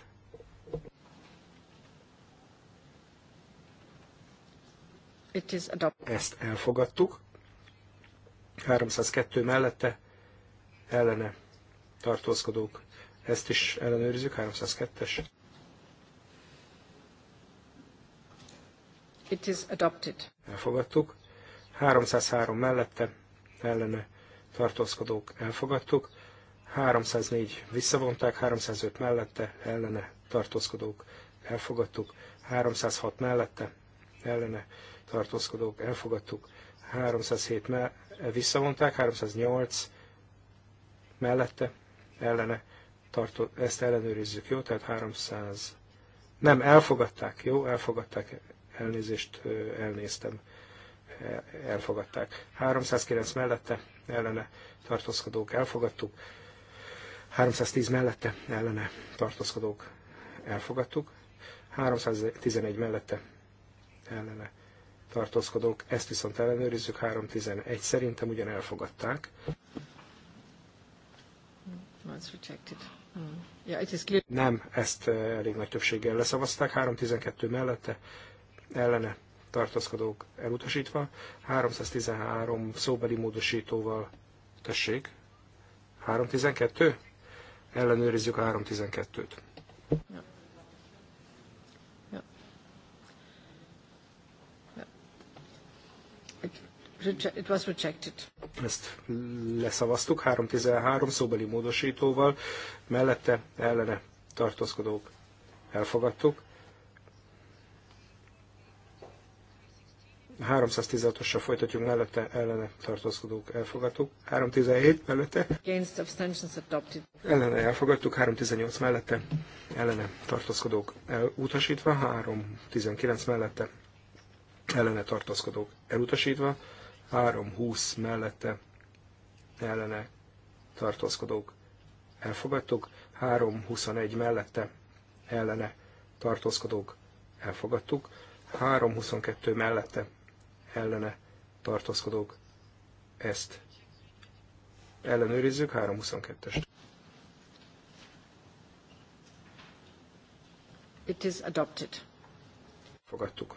Ezt elfogadtuk. 302 mellette ellene tartózkodók. Ezt is ellenőrizzük, 302-es. It is adopted. Elfogadtuk. 303 mellette ellene tartózkodók elfogadtuk. 304 visszavonták, 305 mellette, ellene tartózkodók elfogadtuk, 306 mellette, ellene tartózkodók elfogadtuk, 307 me- visszavonták, 308 mellette, ellene tartó, ezt ellenőrizzük, jó? Tehát 300, nem, elfogadták, jó? Elfogadták, elnézést elnéztem, e- elfogadták. 309 mellette, ellene tartózkodók elfogadtuk, 310 mellette ellene tartózkodók elfogadtuk, 311 mellette ellene tartózkodók, ezt viszont ellenőrizzük, 311 szerintem ugyan elfogadták. Hmm. Nem, ezt eh, elég nagy többséggel leszavazták, 312 mellette ellene tartózkodók elutasítva, 313 szóbeli módosítóval tessék, 312? ellenőrizzük a 312-t. Ja. Ja. It was rejected. Ezt leszavaztuk 313 szóbeli módosítóval, mellette ellene tartózkodók elfogadtuk. 316-ossal folytatjuk mellette ellene tartózkodók elfogadtuk. 317 mellette. Against abstentions adopted. Ellene elfogadtuk. 318 mellette ellene tartózkodók elutasítva. 319 mellette ellene tartózkodók elutasítva. 320 mellette ellene tartózkodók elfogadtuk. 321 mellette ellene tartózkodók elfogadtuk. 322 mellette ellene tartózkodók ezt ellenőrizzük, 322-est. It is adopted. Fogadtuk.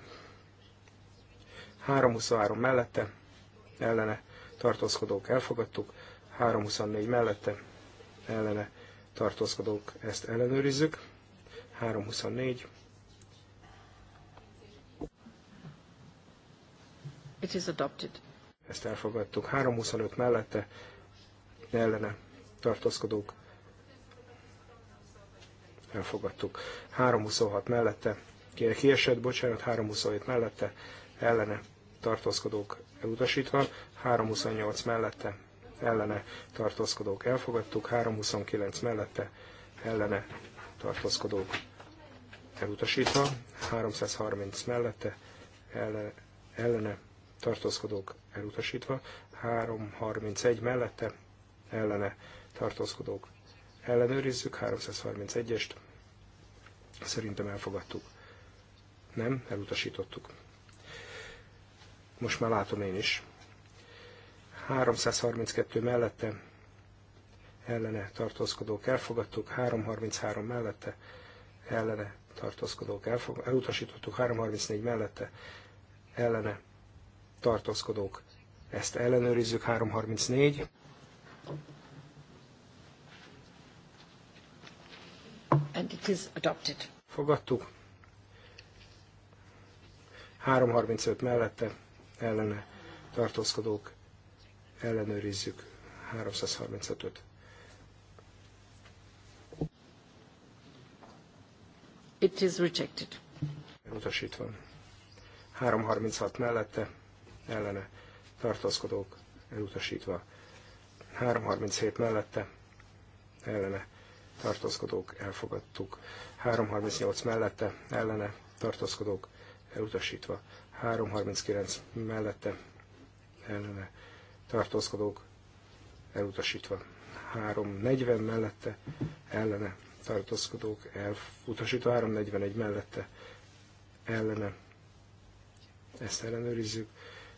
323 mellette, ellene tartózkodók elfogadtuk, 324 mellette, ellene tartózkodók ezt ellenőrizzük, 324 It is adopted. Ezt elfogadtuk. 325 mellette ellene tartózkodók elfogadtuk. 326 mellette kiesett, bocsánat, 327 mellette ellene tartózkodók elutasítva, 328 mellette ellene tartózkodók elfogadtuk, 329 mellette ellene tartózkodók elutasítva, 330 mellette ellene tartózkodók elutasítva, 331 mellette ellene tartózkodók ellenőrizzük, 331-est szerintem elfogadtuk. Nem, elutasítottuk. Most már látom én is. 332 mellette ellene tartózkodók elfogadtuk, 333 mellette ellene tartózkodók elfog, elutasítottuk, 334 mellette ellene tartózkodók. Ezt ellenőrizzük, 334. And it is adopted. Fogadtuk. 335 mellette ellene tartózkodók ellenőrizzük 335-öt. It is rejected. Utasítva. 336 mellette ellene tartózkodók elutasítva. 337 mellette ellene tartózkodók elfogadtuk. 338 mellette ellene tartózkodók elutasítva. 339 mellette ellene tartózkodók elutasítva. 340 mellette ellene tartózkodók elutasítva. 341 mellette ellene ezt ellenőrizzük.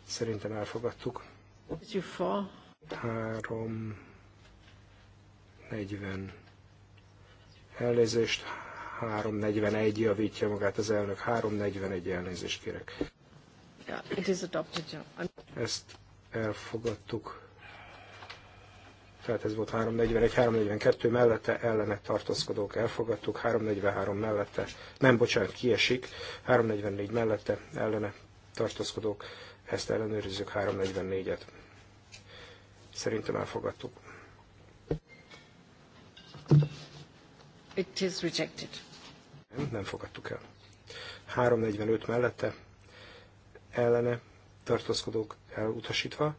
Szerintem elfogadtuk. 3, 40. Elnézést, 341 javítja magát az elnök. 341 elnézést kérek. Yeah, it is adopted. Ezt elfogadtuk. Tehát ez volt 341, 342 mellette, ellene tartózkodók elfogadtuk, 343 mellette, nem bocsánat, kiesik, 344 mellette, ellene tartózkodók ezt ellenőrizzük 344-et. Szerintem elfogadtuk. It is rejected. Nem, nem fogadtuk el. 345 mellette ellene tartózkodók elutasítva.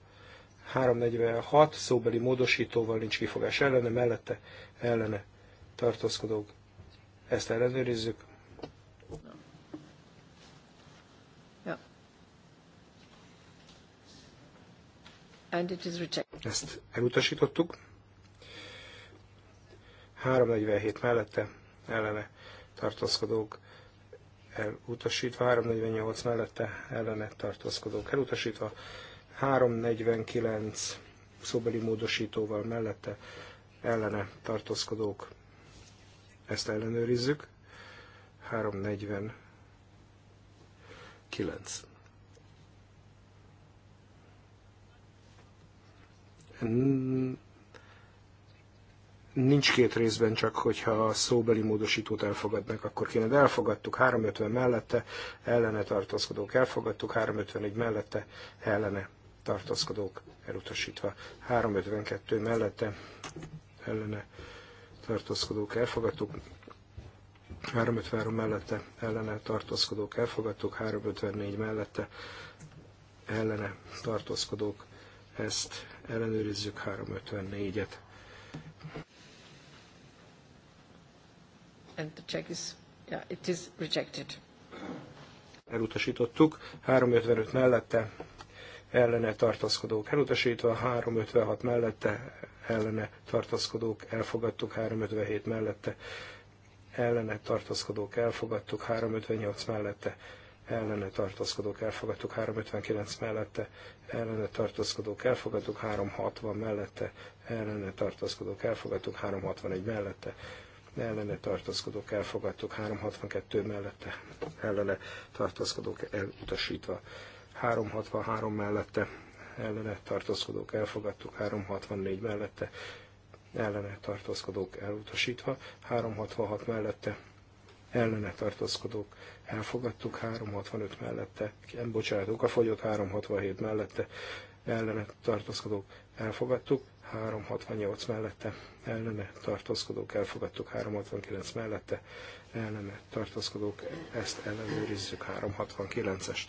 346 szóbeli módosítóval nincs kifogás ellene, mellette ellene tartózkodók. Ezt ellenőrizzük. and it is rejected. Ezt elutasítottuk. 347 mellette ellene tartózkodók elutasítva, 348 mellette ellene tartózkodók elutasítva, 349 szóbeli módosítóval mellette ellene tartózkodók. Ezt ellenőrizzük. 349. nincs két részben, csak hogyha a szóbeli módosítót elfogadnak, akkor kéne. De elfogadtuk 350 mellette, ellene tartózkodók elfogadtuk, 351 mellette, ellene tartózkodók elutasítva. 352 mellette, ellene tartózkodók elfogadtuk, 353 mellette, ellene tartózkodók elfogadtuk, 354 mellette, ellene tartózkodók ezt ellenőrizzük 354-et. And the check is, yeah, it is rejected. Elutasítottuk, 355 mellette ellene tartaszkodók elutasítva, 356 mellette ellene tartaszkodók elfogadtuk, 357 mellette ellene tartaszkodók elfogadtuk, 358 mellette ellene tartózkodók elfogadtuk 359 mellette, ellene tartózkodók elfogadtuk 360 mellette, ellene tartózkodók elfogadtuk 361 mellette, ellene tartózkodók elfogadtuk 362 mellette, ellene tartózkodók elutasítva 363 mellette, ellene tartózkodók elfogadtuk 364 mellette, ellene tartózkodók elutasítva 366 mellette, ellene tartózkodók elfogadtuk, 365 mellette, nem bocsánatok, a fogyott 367 mellette ellene tartózkodók elfogadtuk, 368 mellette ellene tartózkodók elfogadtuk, 369 mellette ellene tartózkodók, ezt ellenőrizzük 369-est.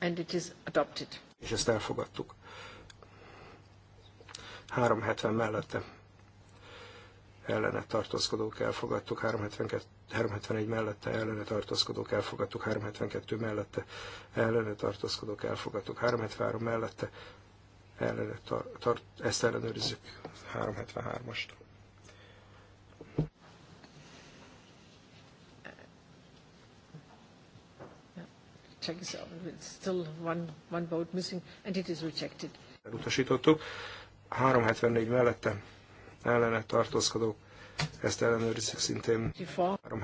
And it is adopted. És ezt elfogadtuk. 370 mellette ellene tartózkodók elfogadtuk, 372, 371 mellette ellene tartózkodók elfogadtuk, 372 mellette ellene tartózkodók elfogadtuk, 373 mellette ellene tar, tar, ezt ellenőrizzük 373-ast. Check still one, one vote missing, and it is rejected. Elutasítottuk. 374 mellette ellene tartózkodók, ezt ellenőrizzük szintén. Három.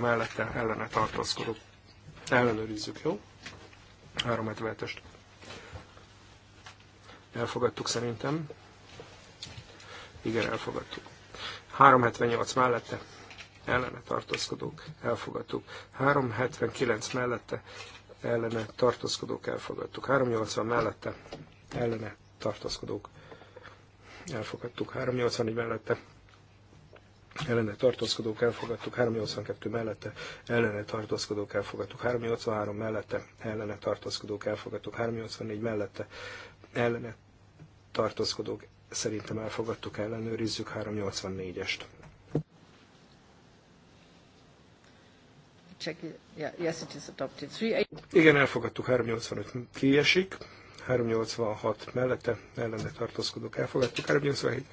mellette ellene tartózkodok. Ellenőrizzük, jó? 3 est Elfogadtuk szerintem. Igen, elfogadtuk. 378 mellette ellene tartózkodók, elfogadtuk. 379 mellette ellene tartózkodók, elfogadtuk. 380 mellette ellene tartózkodók, elfogadtuk. 381 mellette ellene tartózkodók elfogadtuk, 382 mellette ellene tartózkodók elfogadtuk, 383 mellette ellene tartózkodók elfogadtuk, 384 mellette ellene tartózkodók szerintem elfogadtuk, ellenőrizzük 384-est. Igen, elfogadtuk, 385 kiesik, 386 mellette ellene tartózkodók elfogadtuk, 387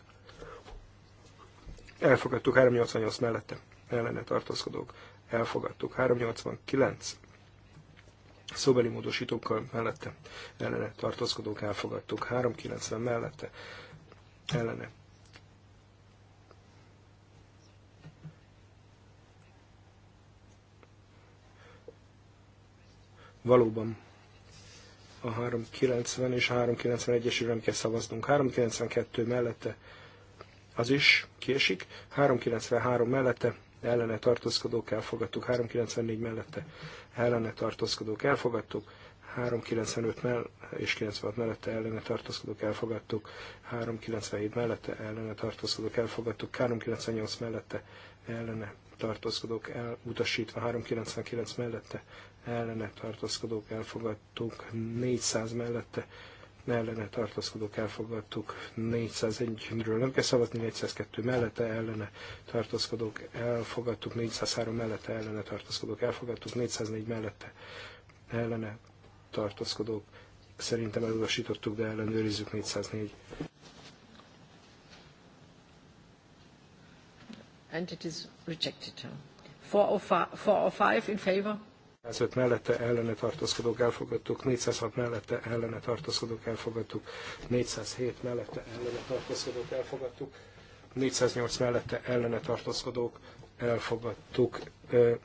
elfogadtuk, 388 mellette ellene tartózkodók elfogadtuk, 389 szóbeli módosítókkal mellette ellene tartózkodók elfogadtuk, 390 mellette ellene. Valóban a 390 és a 391-esre nem kell szavaznunk. 392 mellette az is késik, 393 mellette ellene tartózkodók elfogadtuk, 394 mellette ellene tartózkodók elfogadtuk, 395 mell és 96 mellette ellene tartózkodók elfogadtuk, 397 mellette ellene tartózkodók elfogadtuk, 398 mellette ellene tartózkodók elutasítva, 399 mellette ellene tartózkodók elfogadtuk, 400 mellette ellene tartózkodók elfogadtuk, 401-ről nem kell szavazni, 402 mellette ellene tartózkodók elfogadtuk, 403 mellette ellene tartózkodók elfogadtuk, 404 mellette ellene tartózkodók. Szerintem elutasítottuk, de ellenőrizzük 404. And it is rejected. 405 in favor? 405 mellette ellene tartózkodók elfogadtuk, 406 mellette ellene tartózkodók elfogadtuk, 407 mellette ellene tartózkodók elfogadtuk, 408 mellette ellene tartózkodók elfogadtuk,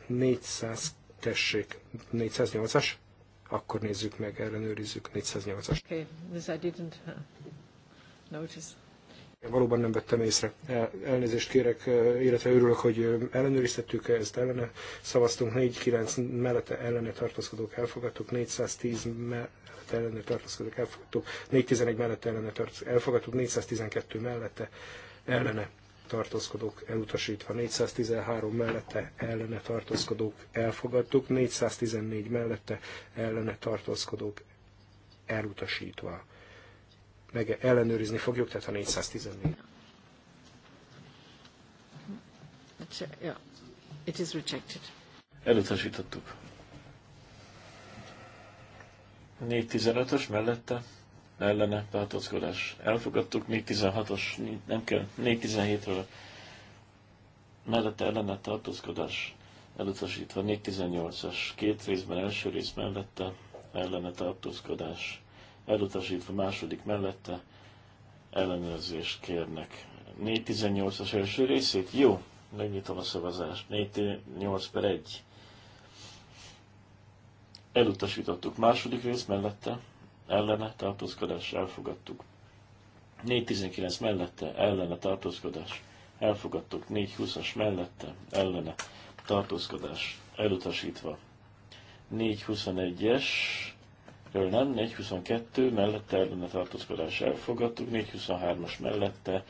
400 tessék, 408-as, akkor nézzük meg, ellenőrizzük, 408-as. Okay, this I didn't uh, notice. Valóban nem vettem észre. E, elnézést kérek, e, illetve örülök, hogy e, ellenőriztettük ezt ellene. Szavaztunk 4-9 mellette ellene tartózkodók elfogadtuk, 410 mellette ellene tartózkodók elfogadtuk, 411 mellette ellene tartózkodók elfogadtuk, 412 mellette ellene tartózkodók elutasítva, 413 mellette ellene tartózkodók elfogadtuk, 414 mellette ellene tartózkodók elutasítva meg ellenőrizni fogjuk, tehát a 414. Yeah. It is rejected. Elutasítottuk. 4.15-ös mellette ellene változkodás. Elfogadtuk 4.16-os, nem kell, 4.17-ről mellette ellene tartózkodás elutasítva 4.18-as, két részben, első rész mellette ellene tartózkodás elutasítva második mellette ellenőrzést kérnek. 418-as első részét? Jó, megnyitom a szavazást. 418 per 1. Elutasítottuk második rész mellette, ellene tartózkodás, elfogadtuk. 419 mellette, ellene tartózkodás, elfogadtuk. 420-as mellette, ellene tartózkodás, elutasítva. 421-es ezekről nem. 422 mellette ellene tartózkodás elfogadtuk, 423-as mellette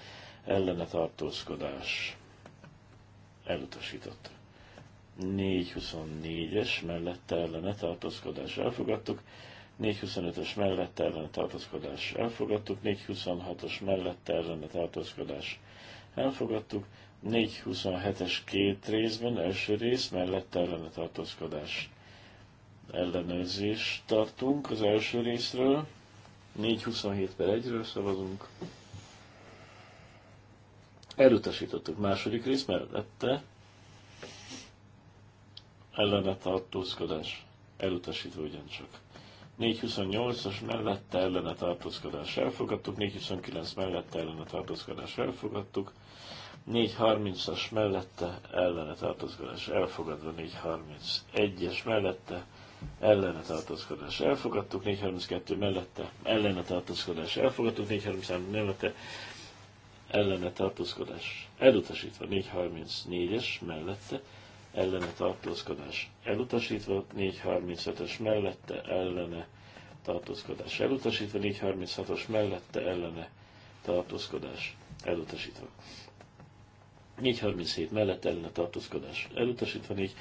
ellene tartózkodás elutasított. 424-es mellette ellene tartózkodás elfogadtuk, 425-ös mellette ellene tartózkodás elfogadtuk, 426-os mellette ellene tartózkodás elfogadtuk, 427-es két részben, első rész mellette ellene tartózkodás ellenőrzést tartunk az első részről. 4.27 per 1-ről szavazunk. Elutasítottuk második rész mellette. Ellene tartózkodás. Elutasítva ugyancsak. 428-as mellette ellene tartózkodás elfogadtuk, 429 mellette ellene tartózkodás elfogadtuk, 430-as mellette ellene tartózkodás elfogadva, 431-es mellette ellene tartózkodás elfogadtuk, 432 mellette ellene tartózkodás elfogadtuk, 433 mellette ellene tartózkodás elutasítva, 434-es mellette ellene tartózkodás elutasítva, 435 es mellette ellene tartózkodás elutasítva, 436-os mellette ellene tartózkodás elutasítva. 437 mellett ellene tartózkodás elutasítva, 4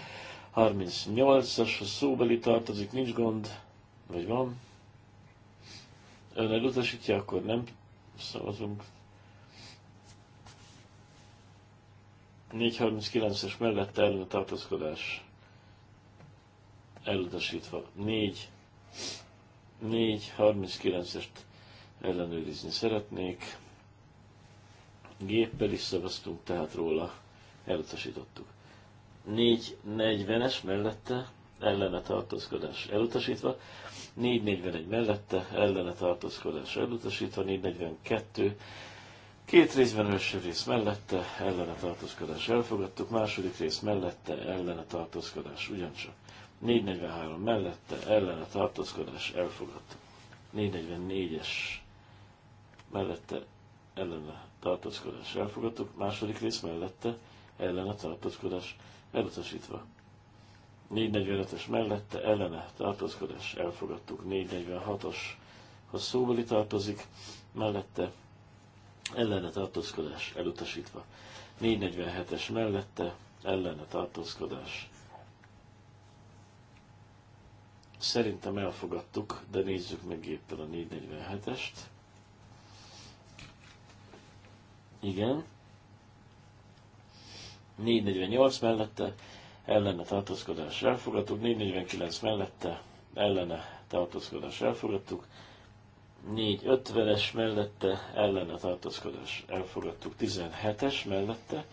38-as szóbeli tartozik, nincs gond, vagy van. Ön elutasítja, akkor nem szavazunk. 439-es mellette előtt tartózkodás elutasítva. 4 439-est ellenőrizni szeretnék. Géppel is szavaztunk, tehát róla elutasítottuk. 440-es mellette ellene tartózkodás elutasítva, 441 mellette ellene tartózkodás elutasítva, 442 Két részben első rész mellette, ellene tartózkodás elfogadtuk, második rész mellette, ellene tartózkodás ugyancsak. 443 mellette, ellene tartózkodás elfogadtuk. 444-es mellette, ellene tartózkodás elfogadtuk, második rész mellette, ellene tartózkodás elfogadtuk elutasítva. 445-ös mellette ellene tartózkodás elfogadtuk, 446 ha szóbeli tartozik, mellette ellene tartózkodás elutasítva. 447-es mellette ellene tartózkodás. Szerintem elfogadtuk, de nézzük meg éppen a 447-est. Igen. 448 mellette ellene tartózkodás elfogadtuk, 449 mellette ellene tartózkodás elfogadtuk, 450-es mellette ellene tartózkodás elfogadtuk, 17-es mellette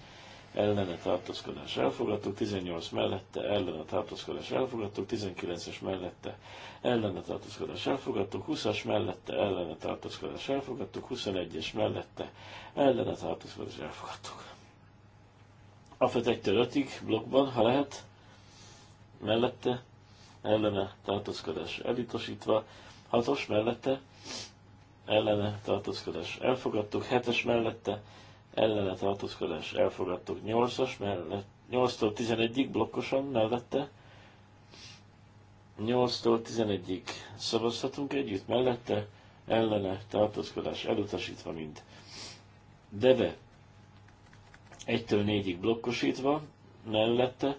ellene tartózkodás elfogadtuk, 18 mellette ellene tartózkodás elfogadtuk, 19-es mellette ellene tartózkodás elfogadtuk, 20-as mellette ellene tartózkodás elfogadtuk, 21-es mellette ellene tartózkodás elfogadtuk. Afet 1 5-ig blokkban, ha lehet, mellette, ellene tartózkodás elutasítva, 6-os mellette, ellene tartózkodás elfogadtuk, 7-es mellette, ellene tartózkodás elfogadtuk, 8-as mellett, 8-tól 11-ig blokkosan mellette, 8-tól 11-ig szavazhatunk együtt mellette, ellene tartózkodás elutasítva mint Deve egytől négyig blokkosítva, mellette,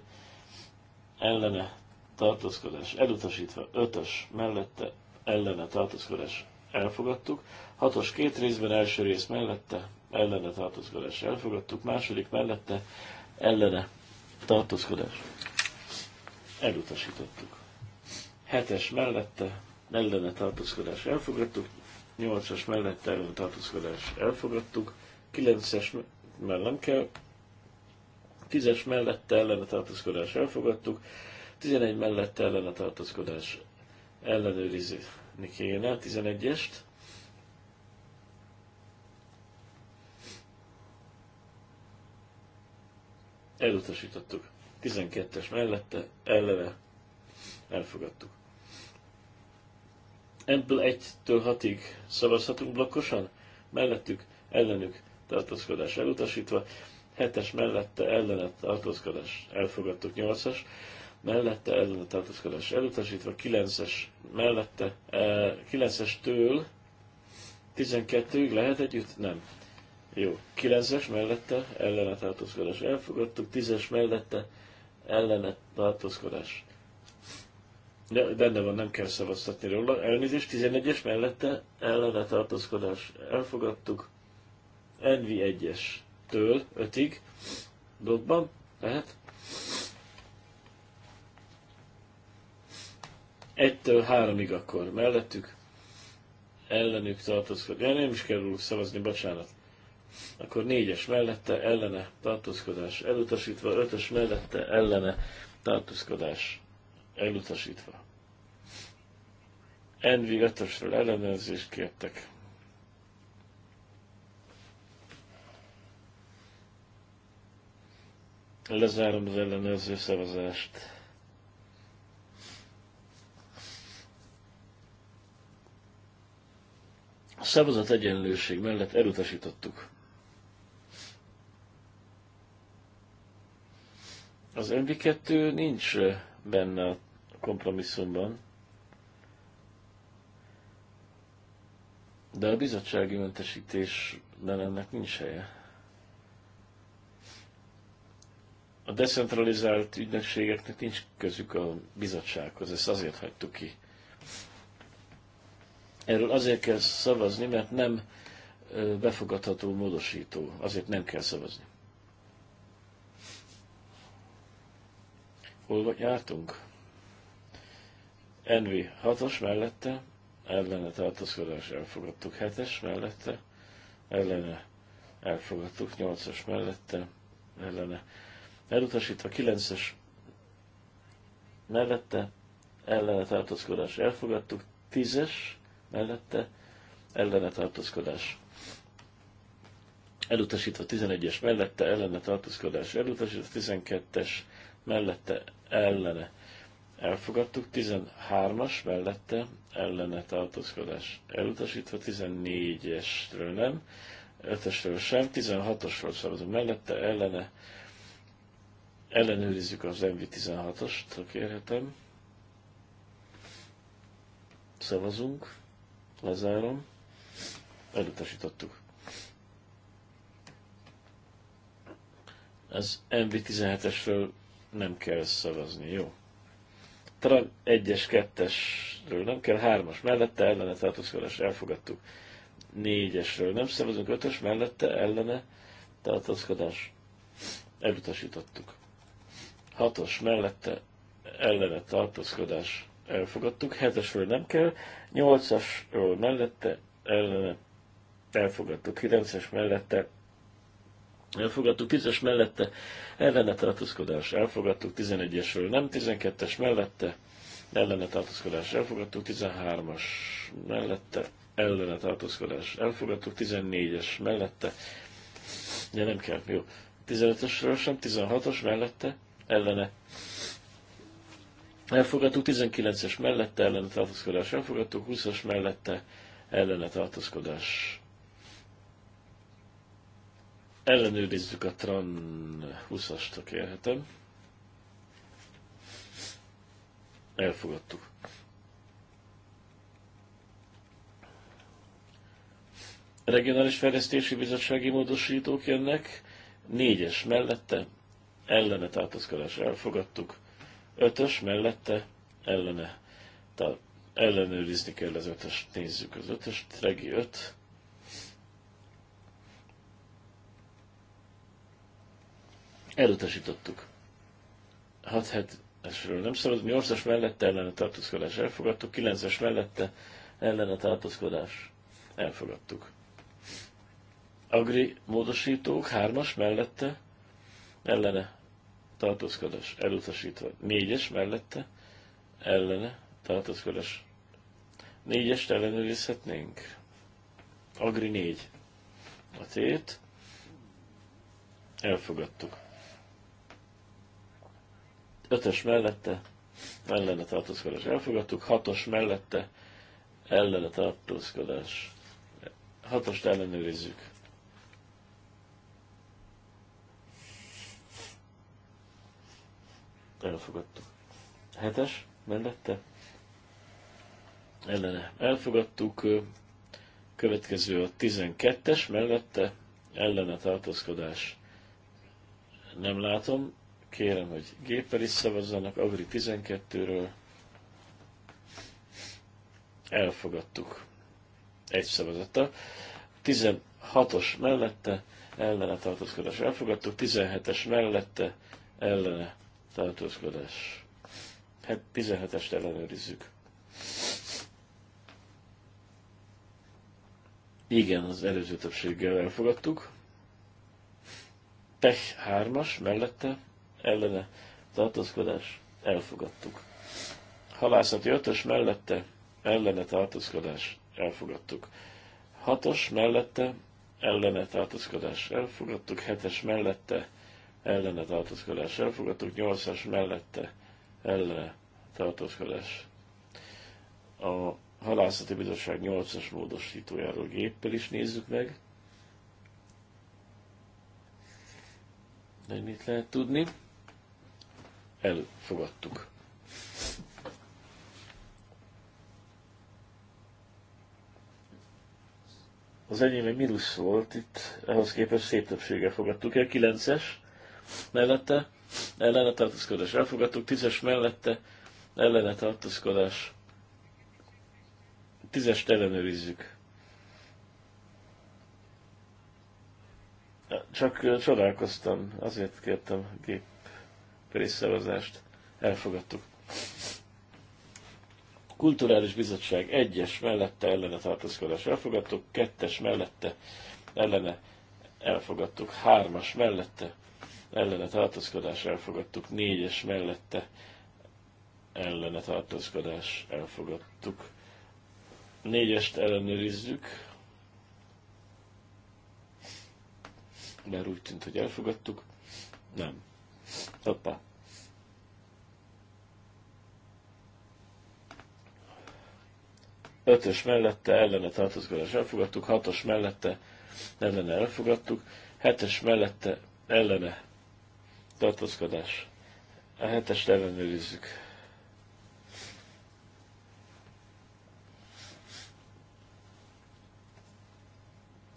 ellene tartózkodás elutasítva, ötös mellette, ellene tartózkodás elfogadtuk, hatos két részben első rész mellette, ellene tartózkodás elfogadtuk, második mellette, ellene tartózkodás elutasítottuk. hetes mellette, ellene tartózkodás elfogadtuk, nyolcas mellette ellene tartózkodás elfogadtuk, 9 már nem kell. 10-es mellette ellene tartózkodás elfogadtuk, 11 mellette ellene tartózkodás ellenőrizni kéne, 11-est. Elutasítottuk. 12-es mellette ellene elfogadtuk. Ebből 1-től 6-ig szavazhatunk blokkosan? Mellettük, ellenük tartózkodás elutasítva, 7-es mellette ellene tartózkodás elfogadtuk, 8-as mellette ellene tartózkodás elutasítva, 9-es mellette, 9-estől eh, 12-ig lehet együtt? Nem. Jó, 9-es mellette ellene tartózkodás elfogadtuk, 10-es mellette ellene tartózkodás. De, benne van, nem kell szavaztatni róla. Elnézést, 11-es mellette ellene tartózkodás elfogadtuk, NV1-estől 5-ig blokkban lehet. 1-től 3-ig akkor mellettük, ellenük tartózkodik. Ja, nem is kell szavazni, bocsánat. Akkor 4-es mellette, ellene tartózkodás elutasítva, 5-ös mellette, ellene tartózkodás elutasítva. Envi 5-ösről ellenőrzést kértek. Lezárom az ellenőrző szavazást. A szavazat egyenlőség mellett elutasítottuk. Az MV2 nincs benne a kompromisszumban, de a bizottsági mentesítésben ennek nincs helye. a decentralizált ügynökségeknek nincs közük a bizottsághoz, ezt azért hagytuk ki. Erről azért kell szavazni, mert nem befogadható módosító, azért nem kell szavazni. Hol jártunk? Envi 6-os mellette, ellene tartózkodás elfogadtuk 7-es mellette, ellene elfogadtuk 8-as mellette, ellene elutasítva 9-es mellette, ellene tartózkodás elfogadtuk, 10-es mellette, ellene tartózkodás elutasítva 11-es mellette, ellene tartózkodás elutasítva 12-es mellette, ellene elfogadtuk, 13-as mellette, ellene tartózkodás elutasítva 14-esről nem, 5-esről sem, 16-osról szavazunk mellette, ellene Ellenőrizzük az MV16-ost, ha kérhetem. Szavazunk. Lezárom. Elutasítottuk. Az MV17-esről nem kell szavazni, jó? Talán 1-es, 2-esről nem kell, 3-as mellette, ellene tartózkodás elfogadtuk. 4-esről nem szavazunk, 5-ös mellette, ellene tartózkodás elutasítottuk hatos mellette ellene tartózkodás elfogadtuk, hetesről nem kell, nyolcasról mellette ellene elfogadtuk, kilences mellette elfogadtuk, tízes mellette ellene tartózkodás elfogadtuk, tizenegyesről nem, tizenkettes mellette ellene tartózkodás elfogadtuk, 13-as mellette ellene tartózkodás elfogadtuk, 14-es mellette, de nem kell, jó, 15-ösről sem, 16-os mellette ellene elfogadtuk, 19-es mellette ellene tartózkodás elfogadtuk, 20-as mellette ellene tartózkodás. Ellenőrizzük a TRAN 20-ast, kérhetem. Elfogadtuk. Regionális Fejlesztési Bizottsági Módosítók jönnek, négyes mellette, ellene tartózkodás elfogadtuk, ötös mellette ellene, tehát ellenőrizni kell az ötöst, nézzük az ötöst, regi öt, elutasítottuk. 6-7-esről nem szabad, 8-as mellette ellene tartózkodás elfogadtuk, 9-es mellette ellene tartózkodás elfogadtuk. Agri módosítók, 3-as mellette ellene tartózkodás elutasítva. Négyes mellette ellene tartózkodás. Négyest ellenőrizhetnénk. Agri négy. A tét elfogadtuk. Ötös mellette ellene tartózkodás elfogadtuk, hatos mellette ellene tartózkodás. Hatost ellenőrizzük. elfogadtuk. Hetes mellette ellene elfogadtuk. Következő a 12-es mellette ellene tartózkodás nem látom. Kérem, hogy géppel is szavazzanak. Agri 12-ről elfogadtuk egy szavazata. 16-os mellette ellene tartózkodás elfogadtuk, 17-es mellette ellene tartózkodás. Hát 17-est ellenőrizzük. Igen, az előző többséggel elfogadtuk. Pech 3-as mellette ellene tartózkodás elfogadtuk. Halászati 5-ös mellette ellene tartózkodás elfogadtuk. 6-os mellette ellene tartózkodás elfogadtuk. 7-es mellette ellene tartózkodás elfogadtuk, 8-as mellette ellene tartózkodás. A halászati bizottság 8-as módosítójáról géppel is nézzük meg. De mit lehet tudni? Elfogadtuk. Az enyém egy minusz volt, itt ahhoz képest szép többséggel fogadtuk el, 9-es mellette, ellene tartózkodás elfogadtuk, tízes mellette, ellene tartózkodás, ellenőrizzük. Csak csodálkoztam, azért kértem gép részszavazást. Elfogadtuk. Kulturális Bizottság egyes mellette ellene tartózkodás elfogadtuk, kettes mellette ellene elfogadtuk, hármas mellette ellene tartózkodás elfogadtuk, négyes mellette ellene tartózkodás elfogadtuk. Négyest ellenőrizzük, mert úgy tűnt, hogy elfogadtuk. Nem. Hoppá. Ötös mellette ellene tartózkodás elfogadtuk, hatos mellette ellene elfogadtuk, hetes mellette ellene tartózkodás. A hetest ellenőrizzük.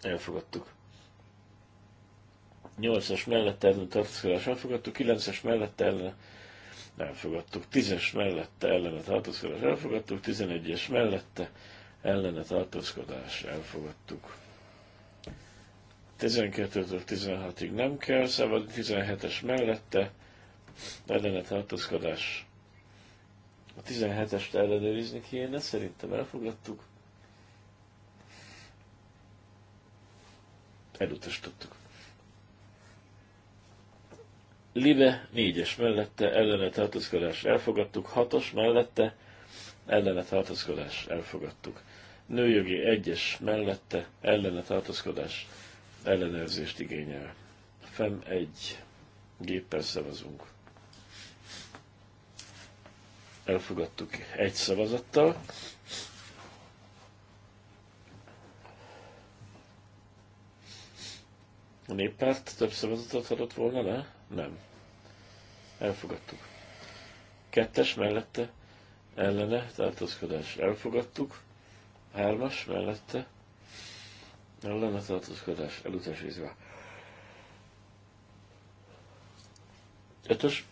Elfogadtuk. 8-as mellett ellen tartózkodás elfogadtuk, 9-es mellett ellen elfogadtuk, 10-es mellette ellen a tartózkodás elfogadtuk, 11-es mellette ellen a tartózkodás elfogadtuk. 12-től 16-ig nem kell szabad, 17-es mellette ellene tartózkodás. A 17-est ellenőrizni kéne, szerintem elfogadtuk. Elutasítottuk. Libe 4-es mellette ellene tartózkodás elfogadtuk, 6-os mellette ellene tartózkodás elfogadtuk. Nőjogi 1-es mellette ellene tartózkodás elfogadtuk ellenőrzést igényel. FEM 1 géppel szavazunk. Elfogadtuk egy szavazattal. A néppárt több szavazatot adott volna le? Nem. Elfogadtuk. Kettes mellette ellene tartózkodás. Elfogadtuk. Hármas mellette ellene tartózkodás elutasítva. Ötös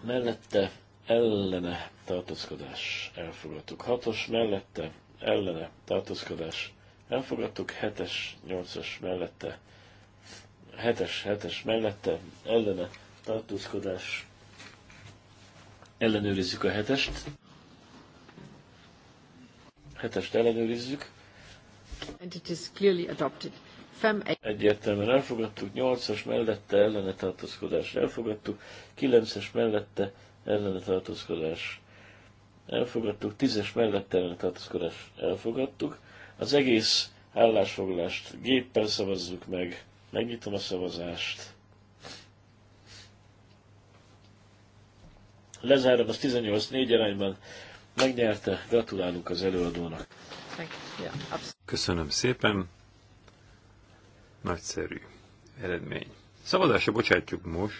mellette ellene tartózkodás elfogadtuk. Hatos mellette ellene tartózkodás elfogadtuk. Hetes, nyolcas mellette hetes, hetes mellette ellene tartózkodás ellenőrizzük a hetest. Hetest ellenőrizzük. Egyértelműen elfogadtuk, 8-as mellette ellene tartózkodás elfogadtuk, 9-es mellette ellene tartózkodás elfogadtuk, 10-es mellette ellene tartózkodás elfogadtuk. Az egész állásfoglalást géppel szavazzuk meg, megnyitom a szavazást. Lezárom, az 18-4 arányban megnyerte. Gratulálunk az előadónak. Köszönöm szépen. Nagyszerű eredmény. Szabadásra bocsátjuk most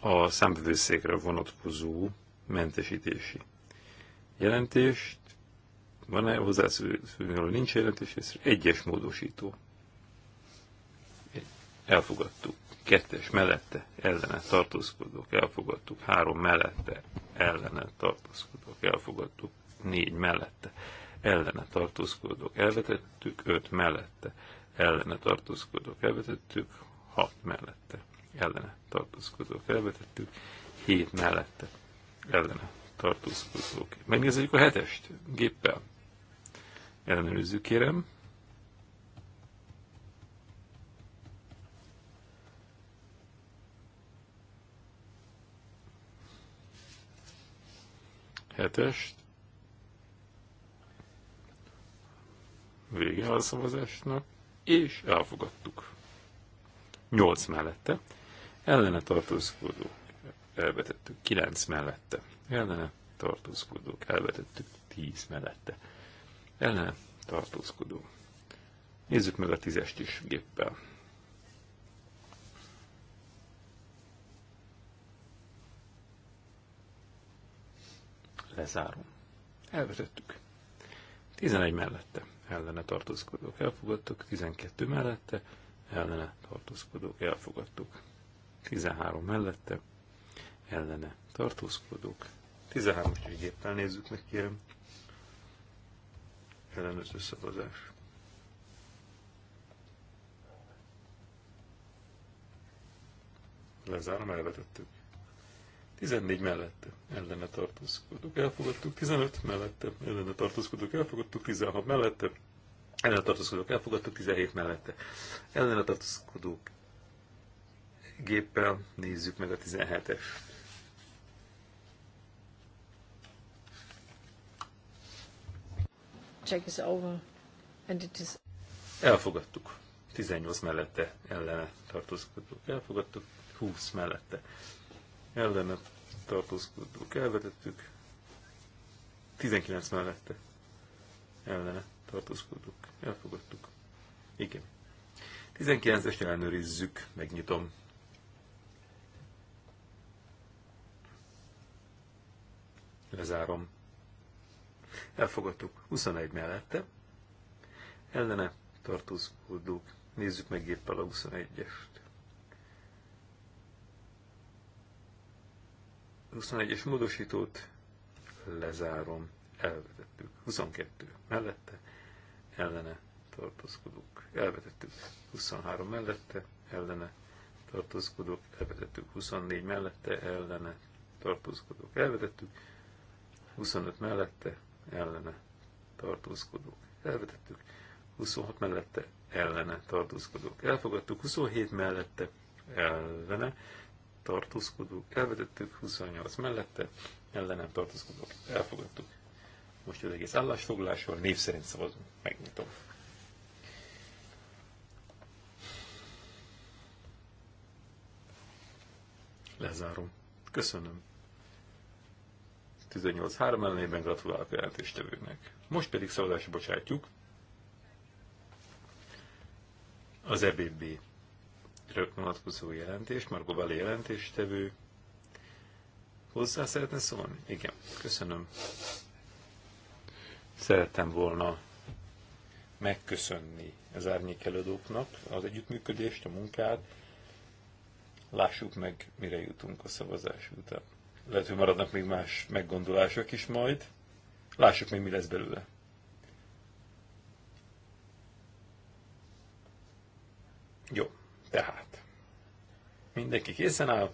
a számbevőszékre vonatkozó mentesítési jelentést. Van-e hozzászóló? Nincs jelentés, ez egyes módosító elfogadtuk. Kettes mellette ellene tartózkodók, elfogadtuk. Három mellette ellene tartózkodók, elfogadtuk. Négy mellette ellene tartózkodók, elvetettük. Öt mellette ellene tartózkodók, elvetettük. Hat mellette ellene tartózkodók, elvetettük. Hét mellette ellene tartózkodók. Megnézzük a hetest géppel. Ellenőrizzük, kérem. hetest Vége a szavazásnak, és elfogadtuk. nyolc mellette, ellene tartózkodók, elvetettük. kilenc mellette, ellene tartózkodók, elvetettük. tíz mellette, ellene tartózkodók. Nézzük meg a tízest is géppel. Lezárom. Elvetettük. 11 mellette ellene tartózkodók elfogadtuk, 12 mellette ellene tartózkodók elfogadtuk. 13 mellette ellene tartózkodók. 13-as végéppel nézzük meg, kérem. Ellenőrző szavazás. Lezárom, elvetettük. 14 mellette ellene tartózkodók elfogadtuk, 15 mellette ellene tartózkodók elfogadtuk, 16 mellette ellene tartózkodók elfogadtuk, 17 mellette ellene tartózkodók géppel nézzük meg a 17-es. Check is over. And it is... Elfogadtuk. 18 mellette ellene tartózkodók elfogadtuk, 20 mellette ellene tartózkodók elvetettük, 19 mellette ellene tartózkodók elfogadtuk. Igen. 19-est ellenőrizzük, megnyitom. Lezárom. Elfogadtuk 21 mellette. Ellene tartózkodók. Nézzük meg éppen a 21-est. 21-es módosítót lezárom, elvetettük. 22 mellette, ellene tartózkodók, elvetettük. 23 mellette, ellene tartózkodók, elvetettük. 24 mellette, ellene tartózkodók, elvetettük. 25 mellette, ellene tartózkodók, elvetettük. 26 mellette, ellene tartózkodók, elfogadtuk. 27 mellette, ellene tartózkodók elvetettük, 28 mellette, ellenem tartózkodók elfogadtuk. Most az egész állásfoglalásról név szerint szavazunk. Megnyitom. Lezárom. Köszönöm. 18-3 ellenében gratulálok a jelentéstevőnek. Most pedig szavazásra bocsátjuk az EBB vonatkozó jelentés, már Bali jelentéstevő. Hozzá szeretne szólni? Igen, köszönöm. Szerettem volna megköszönni az árnyékelődóknak az együttműködést, a munkát. Lássuk meg, mire jutunk a szavazás után. Lehet, hogy maradnak még más meggondolások is majd. Lássuk meg, mi lesz belőle. Jó. Tehát mindenki készen áll,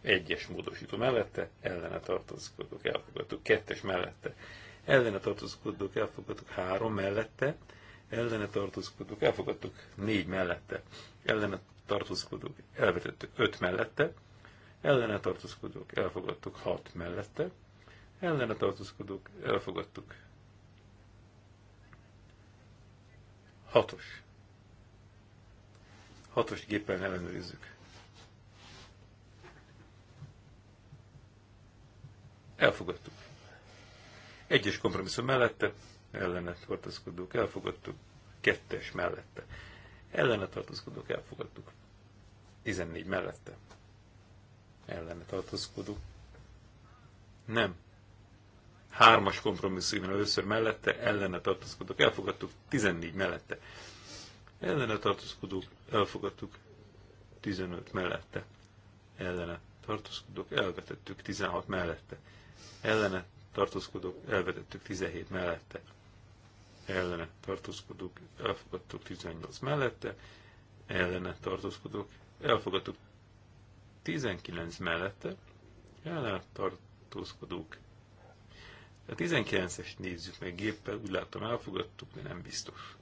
egyes módosító mellette, ellene tartózkodók elfogadtuk, kettes mellette, ellene tartózkodók elfogadtuk, három mellette, ellene tartózkodók elfogadtuk, négy mellette, ellene tartózkodók elvetettük, öt mellette, ellene tartózkodók elfogadtuk, hat mellette, ellene tartózkodók elfogadtuk, hatos Hatos géppel ellenőrizzük. Elfogadtuk. Egyes kompromisszum mellette, ellene tartózkodók elfogadtuk, kettes mellette. Ellene tartózkodók elfogadtuk. 14 mellette. Ellene tartózkodók. Nem. Hármas kompromisszum először mellette, ellene tartózkodók elfogadtuk, 14 mellette. Ellene tartózkodók elfogadtuk 15 mellette, ellene tartózkodók, elvetettük 16 mellette, ellene tartózkodók, elvetettük 17 mellette, ellene tartózkodók, elfogadtuk 18 mellette, ellene tartózkodók, elfogadtuk 19 mellette, ellene tartózkodók. A 19-est nézzük meg géppel, úgy látom elfogadtuk, de nem biztos.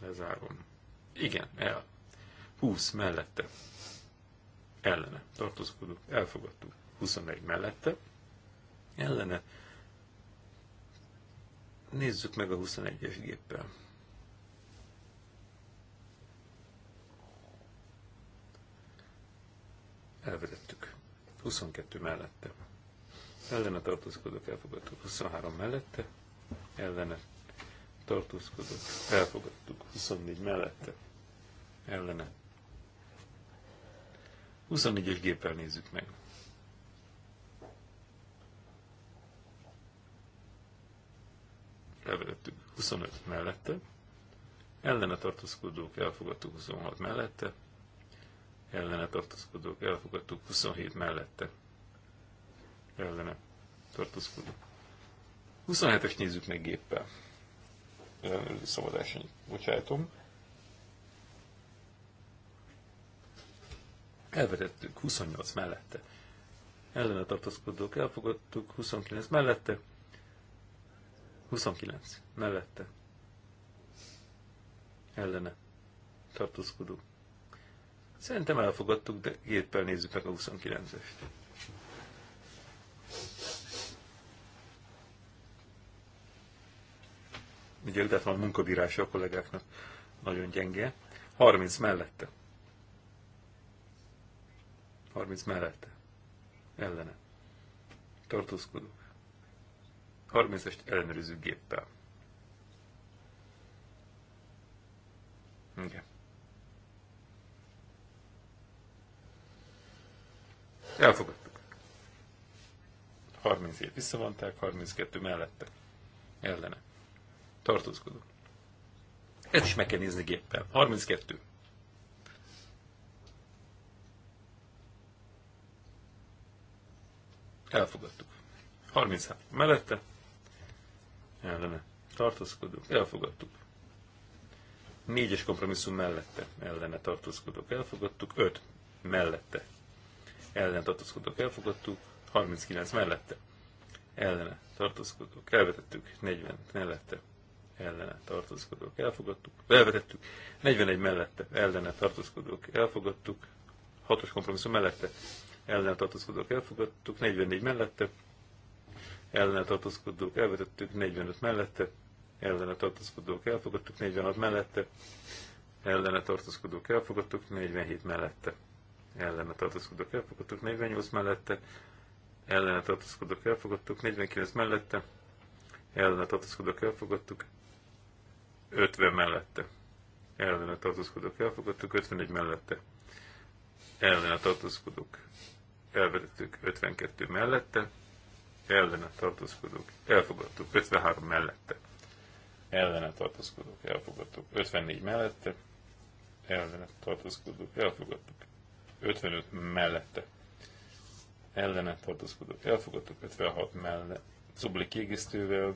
Lezárom. Igen, el. 20 mellette. Ellene. Tartózkodunk. Elfogadtuk. 21 mellette. Ellene. Nézzük meg a 21-es géppel. Elvezettük. 22 mellette. Ellene tartózkodok, elfogadtuk. 23 mellette. Ellene tartózkodott, elfogadtuk 24 mellette, ellene. 24-es géppel nézzük meg. Elvedettük 25 mellette, ellene tartózkodók elfogadtuk 26 mellette, ellene tartózkodók elfogadtuk 27 mellette, ellene tartózkodók. 27-es nézzük meg géppel szavazásra bocsájtom. Elvetettük 28 mellette. Ellene tartózkodók elfogadtuk 29 mellette. 29 mellette. Ellene tartózkodó. Szerintem elfogadtuk, de géppel nézzük meg a 29-est. ugye illetve a munkabírása a kollégáknak nagyon gyenge. 30 mellette. 30 mellette. Ellene. Tartózkodók. 30-est ellenőrző géppel. Igen. Elfogadtuk. 37 visszavonták, 32 mellette. Ellene. Tartózkodó. Ezt is meg kell nézni géppel. 32. Elfogadtuk. 33. Mellette? Ellene. Tartózkodunk. Elfogadtuk. Négyes kompromisszum mellette. Ellene tartózkodok. Elfogadtuk. 5. Mellette. Ellene tartózkodok. Elfogadtuk. 39. Mellette. Ellene tartózkodok. Elvetettük. 40. Mellette ellene tartózkodók elfogadtuk, elvetettük, 41 mellette ellene tartózkodók elfogadtuk, 6-os kompromisszum mellette ellene tartózkodók elfogadtuk, 44 mellette ellene tartózkodók elvetettük, 45 mellette ellene tartózkodók elfogadtuk, 46 mellette ellene tartózkodók elfogadtuk, 47 mellette ellene tartózkodók elfogadtuk, 48 mellette ellene tartózkodók elfogadtuk, 49 mellette ellene tartózkodók elfogadtuk, 50 mellette. Ellene tartózkodók elfogadtuk, 51 mellette. Ellene tartózkodók elvettük, 52 mellette. Ellene tartózkodók elfogadtuk, 53 mellette. Ellene tartózkodók elfogadtuk, 54 mellette. Ellene tartózkodók elfogadtuk, 55 mellette. Ellene tartózkodók elfogadtuk, 56 mellette. Szubli kiegészítővel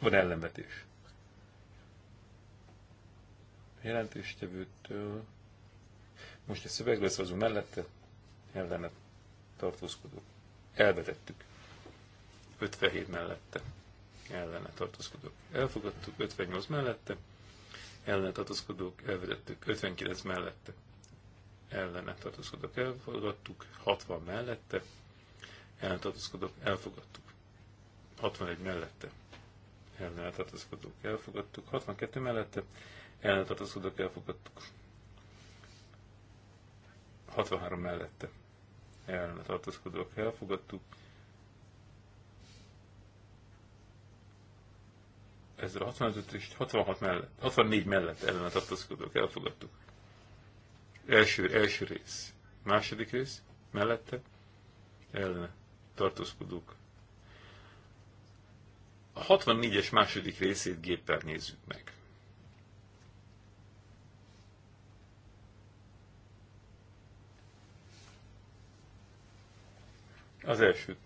van ellenvetés jelentéstevőtől. Most a szövegről szavazunk mellette, ellene tartózkodó. Elvetettük. 57 mellette, ellene tartózkodók. Elfogadtuk 58 mellette, ellene tartózkodók. Elvetettük 59 mellette, ellene tartózkodók. Elfogadtuk 60 mellette, ellene tartózkodók. Elfogadtuk 61 mellette, ellene tartózkodók. Elfogadtuk 62 mellette, eltartózkodók elfogadtuk. 63 mellette eltartózkodók elfogadtuk. Ezzel 65 és 66 mellett, 64 mellett ellene tartózkodók elfogadtuk. Első, első rész. Második rész mellette ellene tartózkodók. A 64-es második részét géppel nézzük meg. Az első,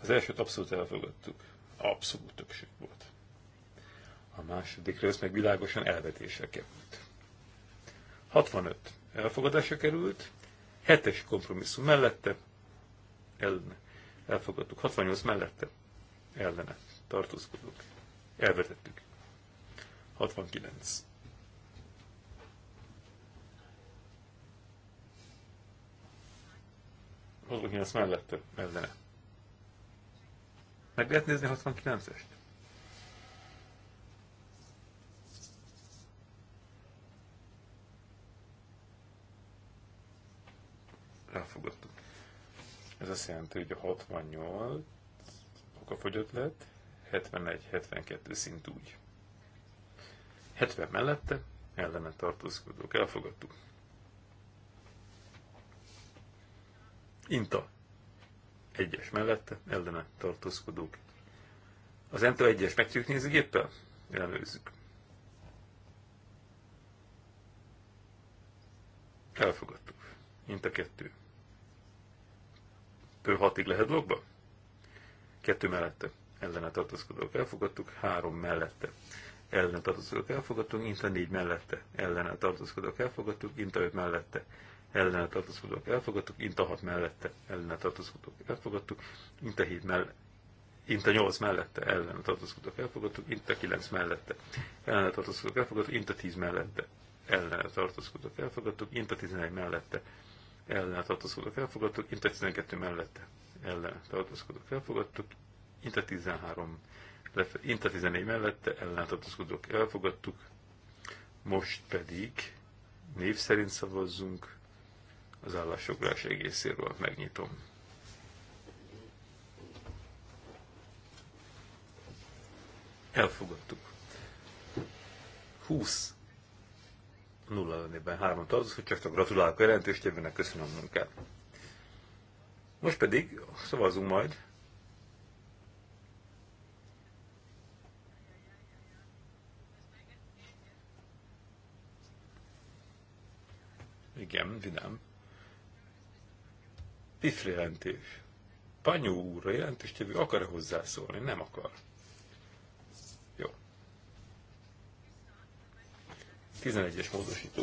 az elsőt abszolút elfogadtuk. Abszolút többség volt. A második rész meg világosan elvetésre került. 65 elfogadásra került, 7-es kompromisszum mellette, ellene. Elfogadtuk. 68 mellette, ellene. Tartózkodunk. Elvetettük. 69 69 mellette ellene. Meg lehet nézni 69-est? Elfogadtuk. Ez azt jelenti, hogy a 68 okafogyott lett, 71-72 szint úgy. 70 mellette ellene tartózkodók. Elfogadtuk. Inta. Egyes mellette, ellene tartózkodók. Az Enta egyes meg tudjuk nézni géppel? Ellenőrizzük. Elfogadtuk. Inta kettő. Pő hatig lehet logba? Kettő mellette, ellene tartózkodók. Elfogadtuk. Három mellette, ellene tartózkodók. Elfogadtunk. Inta négy mellette, ellene tartózkodók. Elfogadtuk. Inta öt mellette, ellene tartozkodók elfogadtuk, Inta 6 mellette ellene tartozkodók elfogadtuk, Inta 7 mellette Inta 8 mellette ellen tartózkodók elfogadtuk, Inta 9 mellette ellen tartózkodók elfogadtuk, Inta 10 mellette ellen tartózkodók elfogadtuk, Inta 11 mellette ellen tartózkodók elfogadtuk, Inta 12 mellette ellen tartózkodók elfogadtuk, Inta 13 Inta 14 mellette ellen tartózkodók elfogadtuk, most pedig név szerint szavazzunk az állásfoglalás egészéről megnyitom. Elfogadtuk. 20 nulla lennében hármat az, hogy csak gratulálok a jelentéstevőnek, köszönöm a munkát. Most pedig szavazunk majd. Igen, vidám. PIF jelentés. Panyó úrra a hogy akar-e hozzászólni? Nem akar. Jó. 11-es módosító.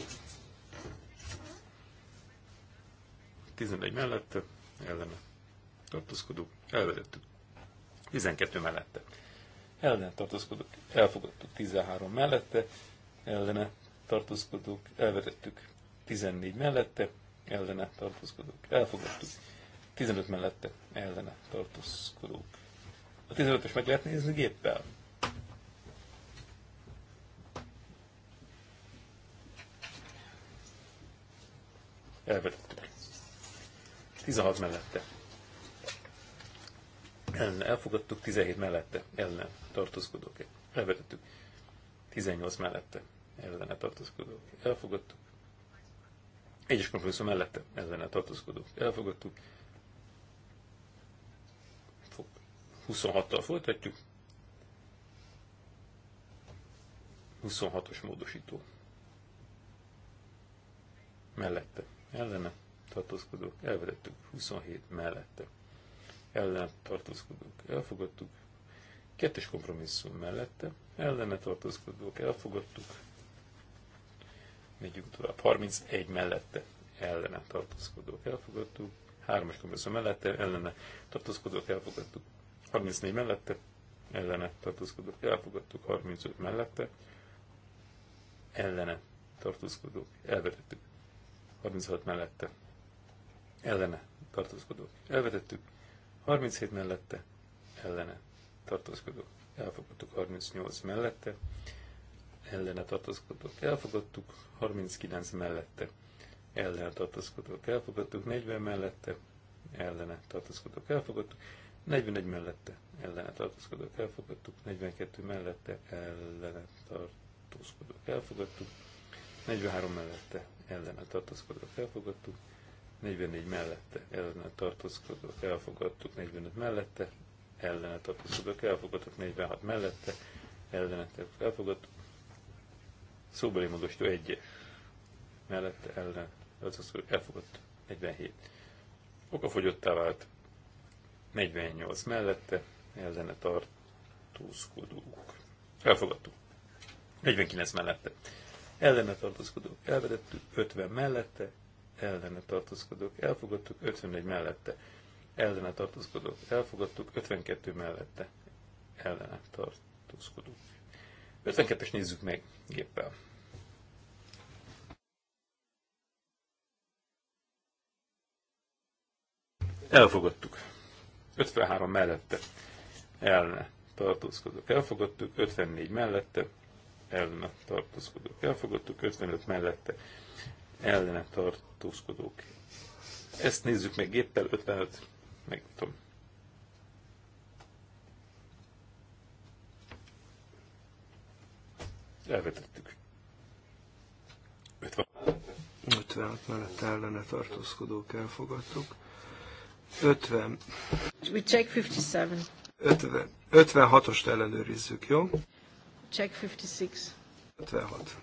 11 mellette, ellene. Tartózkodó, elvezettük. 12 mellette. Ellene tartózkodók, elfogadtuk 13 mellette, ellene tartózkodók, elvezettük 14 mellette, ellene tartózkodók elfogadtuk. 15 mellette ellene tartózkodók. A 15-ös meg lehet nézni géppel. Elvetettük. 16 mellette. Ellen elfogadtuk, 17 mellette ellen tartózkodók. Elvetettük. 18 mellette ellene tartózkodók. Elfogadtuk. Egyes kompromisszum mellette ezen a tartózkodók elfogadtuk. 26-tal folytatjuk. 26-os módosító. Mellette. Ellene tartózkodók elvedettük. 27 mellette. Ellene tartózkodók elfogadtuk. Kettes kompromisszum mellette. Ellene tartózkodók elfogadtuk vigyük tovább. 31 mellette ellene tartózkodók elfogadtuk, 3-as kompromisszum mellette ellene tartózkodók elfogadtuk, 34 mellette ellene tartózkodók elfogadtuk, 35 mellette ellene tartózkodók elvetettük, 36 mellette ellene tartózkodók elvetettük, 37 mellette ellene tartózkodók elfogadtuk, 38 mellette ellene tartozkodók elfogadtuk, 39 mellette ellene tartozkodók elfogadtuk, 40 mellette ellene tartozkodók elfogadtuk, 41 mellette ellene tartozkodók elfogadtuk, 42 mellette ellene tartózkodók elfogadtuk, 43 mellette ellene tartozkodók elfogadtuk, 44 mellette ellene tartozkodók elfogadtuk, 45 mellette ellene tartozkodók elfogadtuk, 46 mellette ellene elfogadtuk, Szóbeli módosító 1 mellette ellen hogy elfogadott 47. Okafogyottá vált 48 mellette, ellene tartózkodók. Elfogadtuk. 49 mellette. Ellene tartózkodók elvedettük, 50 mellette, ellene tartózkodók elfogadtuk, 51 mellette. Ellene tartózkodók elfogadtuk, 52 mellette. Ellene tartózkodók 52-es nézzük meg géppel. Elfogadtuk. 53 mellette elne tartózkodok, elfogadtuk, 54 mellette ellene tartózkodok. elfogadtuk, 55 mellette ellene tartózkodók. Ezt nézzük meg géppel, 55, meg tudom, elvetettük. 56 mellett ellene tartózkodók elfogadtuk. 50. We check 57. 50, 56-ost ellenőrizzük, jó? Check 56. 56.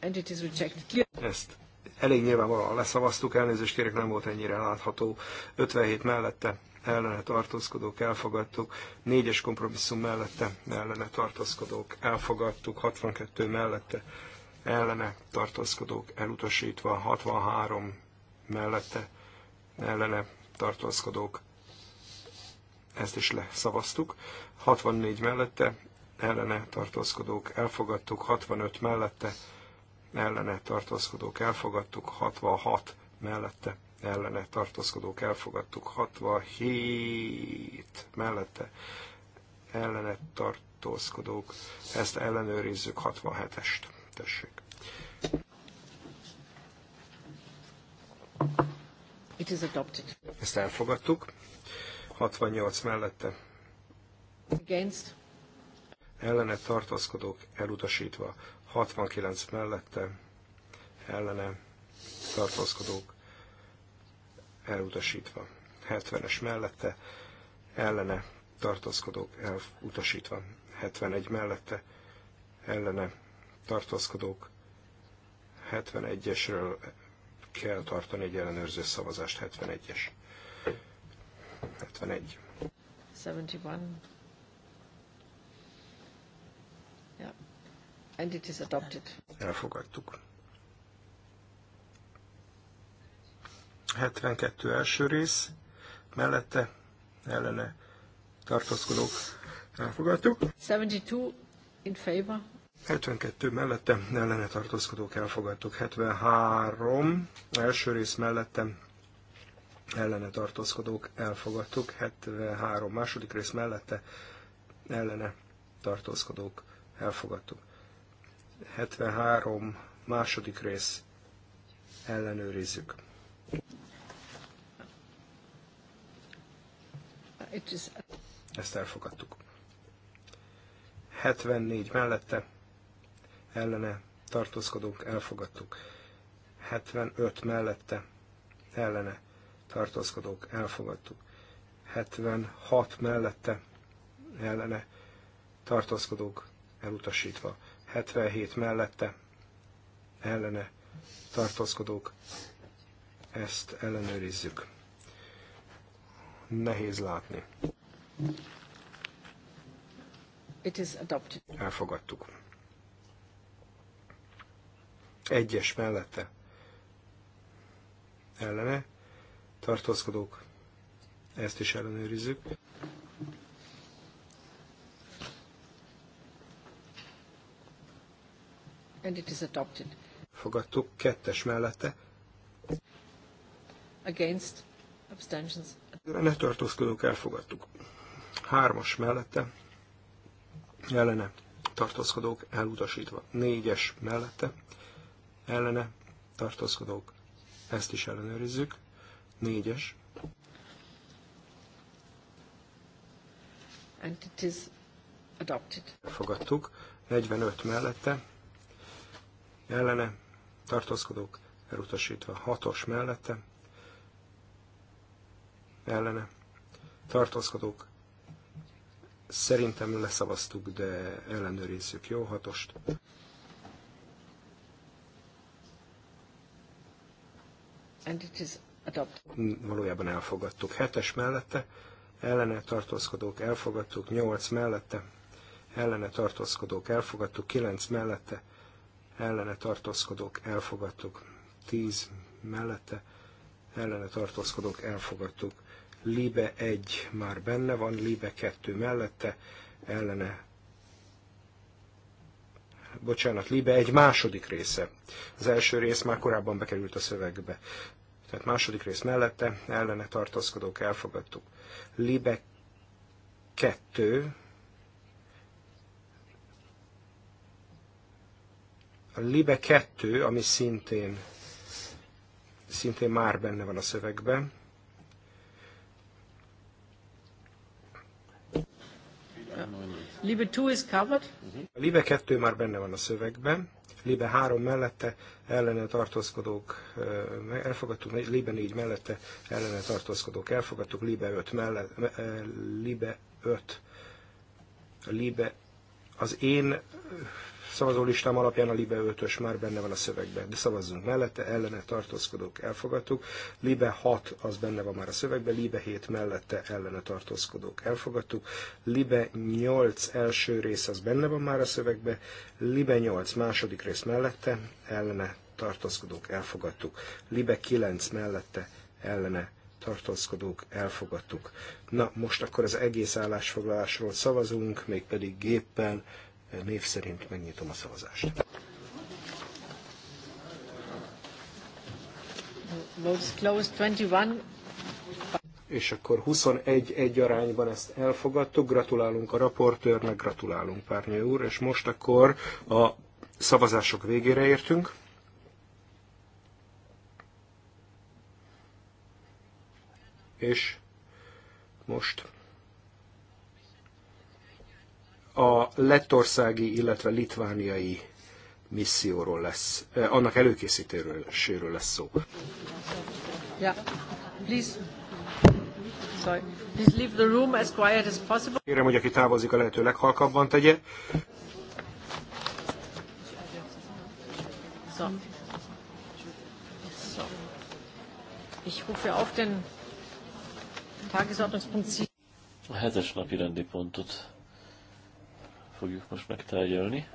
And it is rejected. Ezt elég nyilvánvalóan leszavaztuk, elnézést kérek, nem volt ennyire látható. 57 mellette ellene tartózkodók elfogadtuk, 4-es kompromisszum mellette ellene tartózkodók elfogadtuk, 62 mellette ellene tartózkodók elutasítva, 63 mellette ellene tartózkodók, ezt is leszavaztuk, 64 mellette ellene tartózkodók elfogadtuk, 65 mellette ellene tartózkodók elfogadtuk, 66 mellette ellene tartózkodók elfogadtuk, 67 mellette ellene tartózkodók, ezt ellenőrizzük 67-est. Tessék. It is adopted. Ezt elfogadtuk. 68 mellette. Against. Ellene tartózkodók elutasítva. 69 mellette. Ellene tartózkodók elutasítva. 70-es mellette ellene tartózkodók elutasítva. 71 mellette ellene tartózkodók 71-esről kell tartani egy ellenőrző szavazást, 71-es. 71. 71. Yeah. And it is adopted. Elfogadtuk. 72 első rész, mellette ellene tartózkodók elfogadtuk. 72 in favor. 72 mellette ellene tartózkodók elfogadtuk. 73 első rész mellette, ellene tartózkodók elfogadtuk. 73 második rész mellette ellene tartózkodók elfogadtuk. 73 második rész ellenőrizzük. Ezt elfogadtuk. 74 mellette ellene tartózkodók elfogadtuk. 75 mellette ellene tartózkodók elfogadtuk. 76 mellette ellene tartózkodók elutasítva. 77 mellette ellene tartózkodók ezt ellenőrizzük. Nehéz látni. It is adopted. Elfogadtuk. Egyes mellette ellene tartózkodók. Ezt is ellenőrizzük. And it is adopted. Fogadtuk kettes mellette Against. Abstentions. Ne tartózkodók elfogadtuk. Hármas mellette. Ellene. Tartózkodók elutasítva. Négyes mellette. Ellene. Tartózkodók. Ezt is ellenőrizzük. Négyes. And it is adopted. Elfogadtuk. 45 mellette. Ellene. Tartózkodók elutasítva. Hatos mellette ellene tartózkodók. Szerintem leszavaztuk, de ellenőrizzük. Jó, hatost. And it is Valójában elfogadtuk. Hetes mellette, ellene tartózkodók elfogadtuk, nyolc mellette, ellene tartózkodók elfogadtuk, kilenc mellette, ellene tartózkodók elfogadtuk, tíz mellette, ellene tartózkodók elfogadtuk, Libe 1 már benne van, Libe 2 mellette, ellene bocsánat, Libe 1 második része. Az első rész már korábban bekerült a szövegbe. Tehát második rész mellette ellene tartózkodók elfogadtuk. Libe 2 a Libe 2, ami szintén szintén már benne van a szövegben, Libe 2 is covered. A Libe 2 már benne van a szövegben. Libe 3 mellette ellene tartózkodók elfogadtuk, Libe 4 mellette ellene tartózkodók elfogadtuk, Libe 5 mellett, Libe 5, Libe az én szavazólistám alapján a Libe 5 már benne van a szövegben, de szavazzunk mellette, ellene tartózkodók elfogadtuk, Libe 6 az benne van már a szövegben, Libe 7 mellette ellene tartózkodók elfogadtuk, Libe 8 első rész az benne van már a szövegben, Libe 8 második rész mellette ellene tartózkodók elfogadtuk, Libe 9 mellette ellene tartózkodók elfogadtuk. Na, most akkor az egész állásfoglalásról szavazunk, mégpedig géppel név szerint megnyitom a szavazást. 21. És akkor 21 egy arányban ezt elfogadtuk. Gratulálunk a raportőrnek, gratulálunk Párnyő úr, és most akkor a szavazások végére értünk. És most a lettországi, illetve litvániai misszióról lesz, eh, annak előkészítéséről lesz szó. Please. Sorry. Please leave the room as quiet as possible. Kérem, hogy aki távozik, a lehető leghalkabban tegye. So. Ich rufe auf den Tagesordnungspunkt A hetes napi rendi pontot fogjuk most megtárgyalni.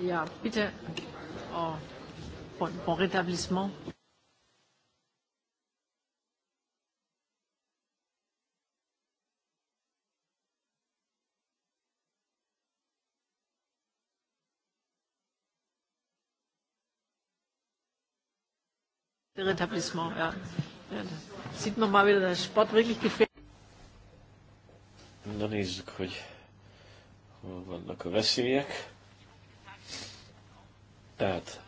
Ja, bitte. Oh, bon, bon rétablissement. Rétablissement, ja. ja. Sieht man mal wieder, dass Sport wirklich gefällt. Na nézzük, hogy hol vannak a veszélyek. Tehát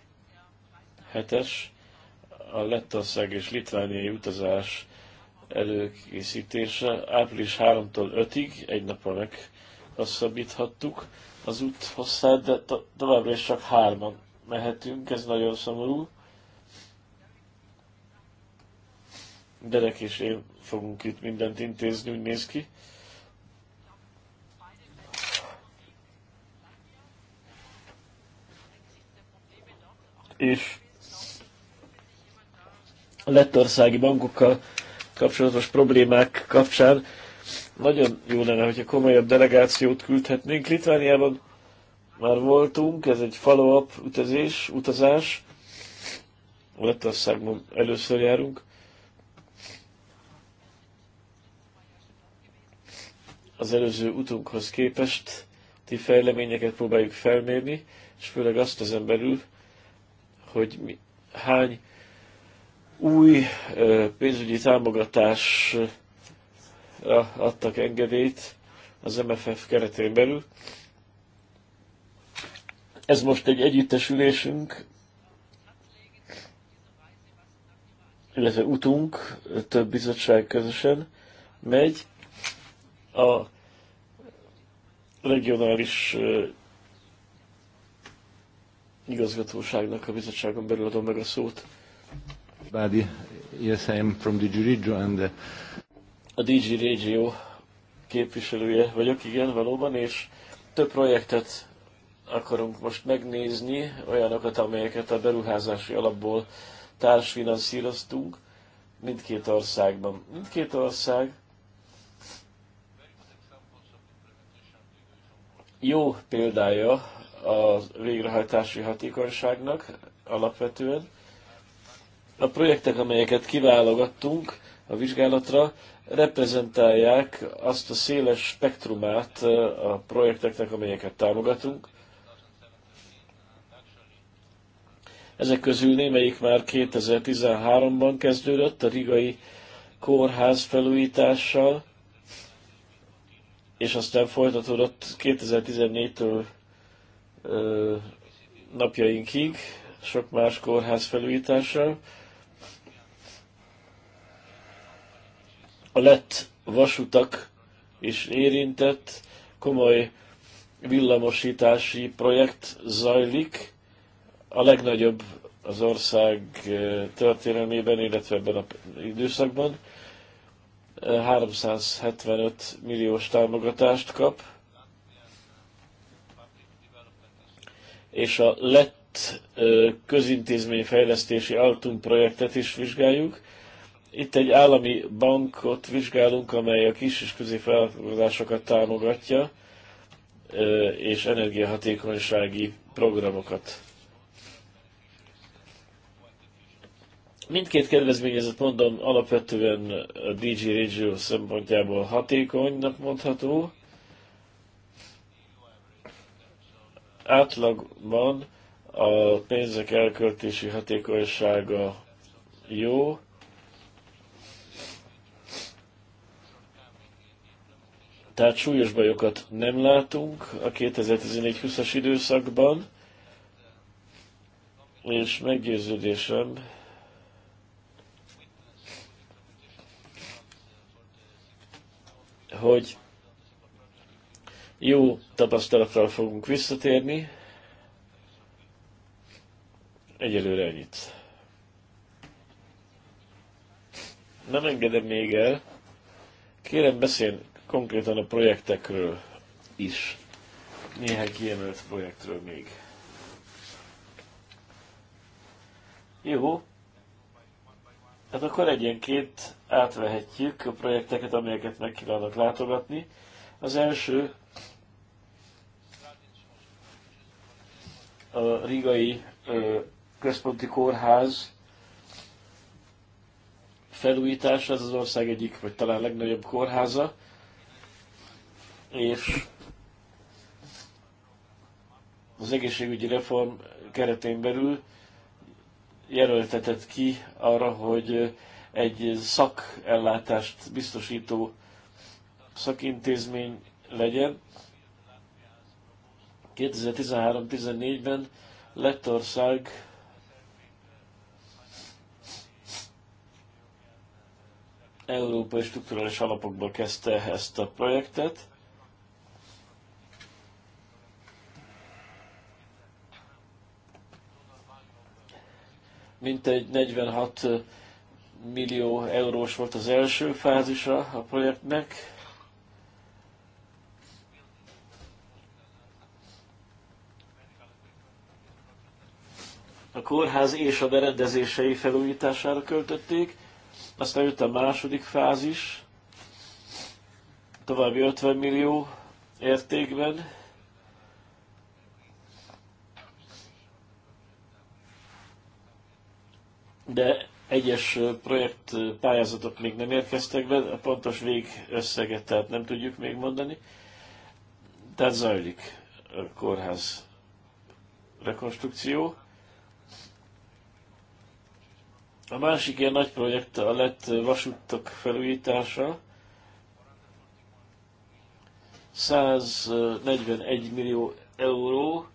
hetes, a Lettország és Litvániai utazás előkészítése április 3-tól 5-ig, egy napra meghosszabbíthattuk az út hosszát, de to- továbbra is csak hárman mehetünk, ez nagyon szomorú. Derek és én fogunk itt mindent intézni, úgy néz ki. és a lettországi bankokkal kapcsolatos problémák kapcsán nagyon jó lenne, hogyha komolyabb delegációt küldhetnénk. Litvániában már voltunk, ez egy follow-up utazás, utazás. Lettországban először járunk. Az előző utunkhoz képest ti fejleményeket próbáljuk felmérni, és főleg azt ezen belül, hogy mi, hány új pénzügyi támogatásra adtak engedélyt az MFF keretén belül. Ez most egy együttesülésünk, illetve utunk, több bizottság közösen megy. A regionális igazgatóságnak a bizottságon belül adom meg a szót. Bádi, yes, I am from the Regio and the... A DG Regio képviselője vagyok, igen, valóban, és több projektet akarunk most megnézni, olyanokat, amelyeket a beruházási alapból társfinanszíroztunk mindkét országban. Mindkét ország jó példája a végrehajtási hatékonyságnak alapvetően. A projektek, amelyeket kiválogattunk a vizsgálatra, reprezentálják azt a széles spektrumát a projekteknek, amelyeket támogatunk. Ezek közül némelyik már 2013-ban kezdődött a rigai kórház felújítással, és aztán folytatódott 2014-től napjainkig, sok más kórház felújítása, A lett vasutak is érintett, komoly villamosítási projekt zajlik, a legnagyobb az ország történelmében, illetve ebben az időszakban. 375 milliós támogatást kap és a lett fejlesztési Altum projektet is vizsgáljuk. Itt egy állami bankot vizsgálunk, amely a kis és középvállalkozásokat támogatja, és energiahatékonysági programokat. Mindkét kedvezményezett mondom alapvetően a DG Regio szempontjából hatékonynak mondható, Átlagban a pénzek elköltési hatékonysága jó, tehát súlyos bajokat nem látunk a 2014-20-as időszakban, és meggyőződésem, hogy jó tapasztalattal fogunk visszatérni. Egyelőre ennyit. Nem engedem még el. Kérem beszélni konkrétan a projektekről is. Néhány kiemelt projektről még. Jó. Hát akkor egyenként átvehetjük a projekteket, amelyeket meg kívánok látogatni. Az első a Rigai Központi Kórház felújítása, ez az ország egyik, vagy talán legnagyobb kórháza, és az egészségügyi reform keretén belül jelöltetett ki arra, hogy egy szakellátást biztosító szakintézmény legyen, 2013-14-ben Lettország európai strukturális alapokból kezdte ezt a projektet. Mintegy 46 millió eurós volt az első fázisa a projektnek, a kórház és a berendezései felújítására költötték, aztán jött a második fázis, további 50 millió értékben, de egyes projekt pályázatok még nem érkeztek be, a pontos végösszeget tehát nem tudjuk még mondani. Tehát zajlik a kórház rekonstrukció. A másik ilyen nagy projekt a lett vasútok felújítása. 141 millió euró,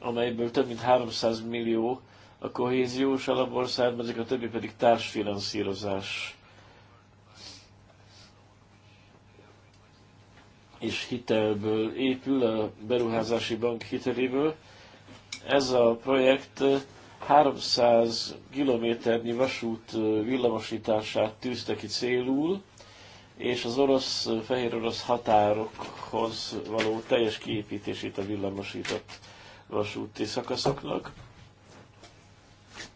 amelyből több mint 300 millió a kohéziós alapból származik, a többi pedig társfinanszírozás és hitelből épül, a beruházási bank hiteléből. Ez a projekt 300 kilométernyi vasút villamosítását tűzte ki célul, és az orosz, fehér orosz határokhoz való teljes kiépítését a villamosított vasúti szakaszoknak,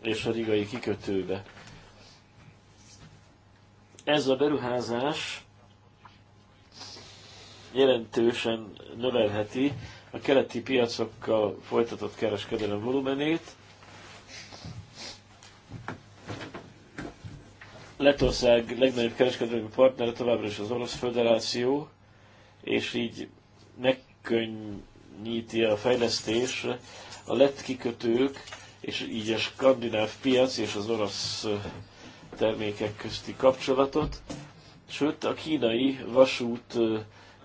és a rigai kikötőbe. Ez a beruházás jelentősen növelheti a keleti piacokkal folytatott kereskedelem volumenét, Lettország legnagyobb kereskedelmi partnere továbbra is az Orosz Föderáció, és így megkönnyíti a fejlesztés a lett kikötők, és így a skandináv piac és az orosz termékek közti kapcsolatot, sőt a kínai vasút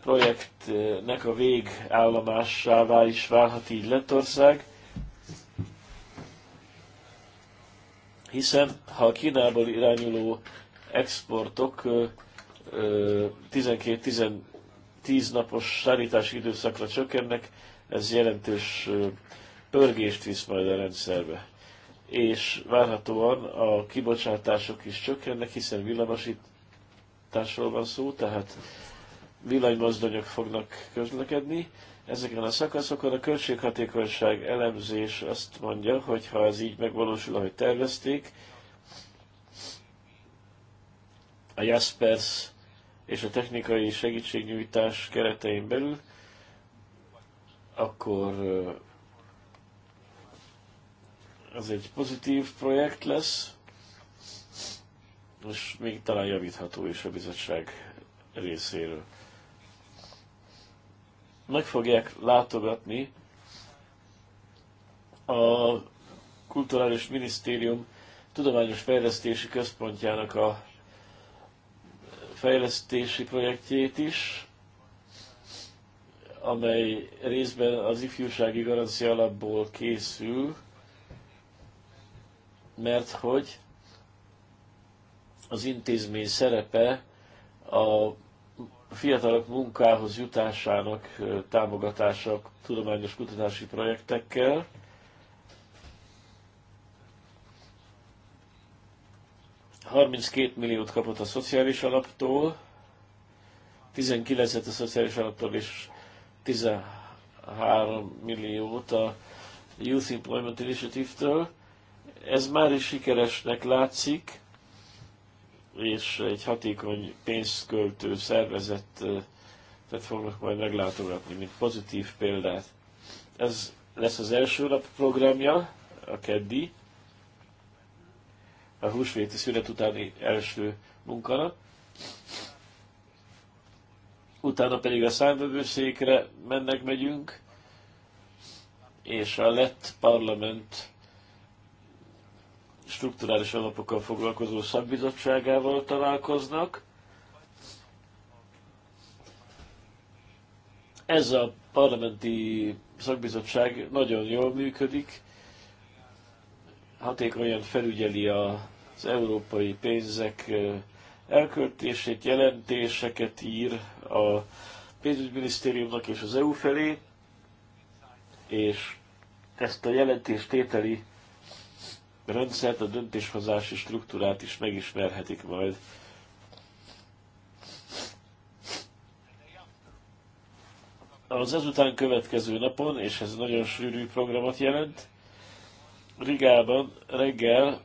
projektnek a végállomásává is válhat így Lettország, hiszen ha a Kínából irányuló exportok 12-10 napos szállítási időszakra csökkennek, ez jelentős pörgést visz majd a rendszerbe. És várhatóan a kibocsátások is csökkennek, hiszen villamosításról van szó, tehát villanymozdonyok fognak közlekedni, ezeken a szakaszokon a költséghatékonyság elemzés azt mondja, hogy ha ez így megvalósul, ahogy tervezték, a Jaspers és a technikai segítségnyújtás keretein belül, akkor az egy pozitív projekt lesz, és még talán javítható is a bizottság részéről meg fogják látogatni a Kulturális Minisztérium Tudományos Fejlesztési Központjának a fejlesztési projektjét is, amely részben az ifjúsági garancia alapból készül, mert hogy az intézmény szerepe a a fiatalok munkához jutásának támogatása tudományos kutatási projektekkel. ...32 milliót kapott a szociális alaptól, 19-et a szociális alaptól és 13 milliót a Youth Employment Initiative-től. Ez már is sikeresnek látszik, és egy hatékony pénzköltő szervezetet fognak majd meglátogatni, mint pozitív példát. Ez lesz az első nap programja, a keddi, a húsvéti szület utáni első munkanap. Utána pedig a számvevőszékre mennek, megyünk, és a lett parlament strukturális alapokkal foglalkozó szakbizottságával találkoznak. Ez a parlamenti szakbizottság nagyon jól működik, hatékonyan felügyeli az európai pénzek elköltését, jelentéseket ír a pénzügyminisztériumnak és az EU felé, és ezt a jelentéstételi rendszert, a döntéshozási struktúrát is megismerhetik majd. Az ezután következő napon, és ez nagyon sűrű programot jelent, Rigában reggel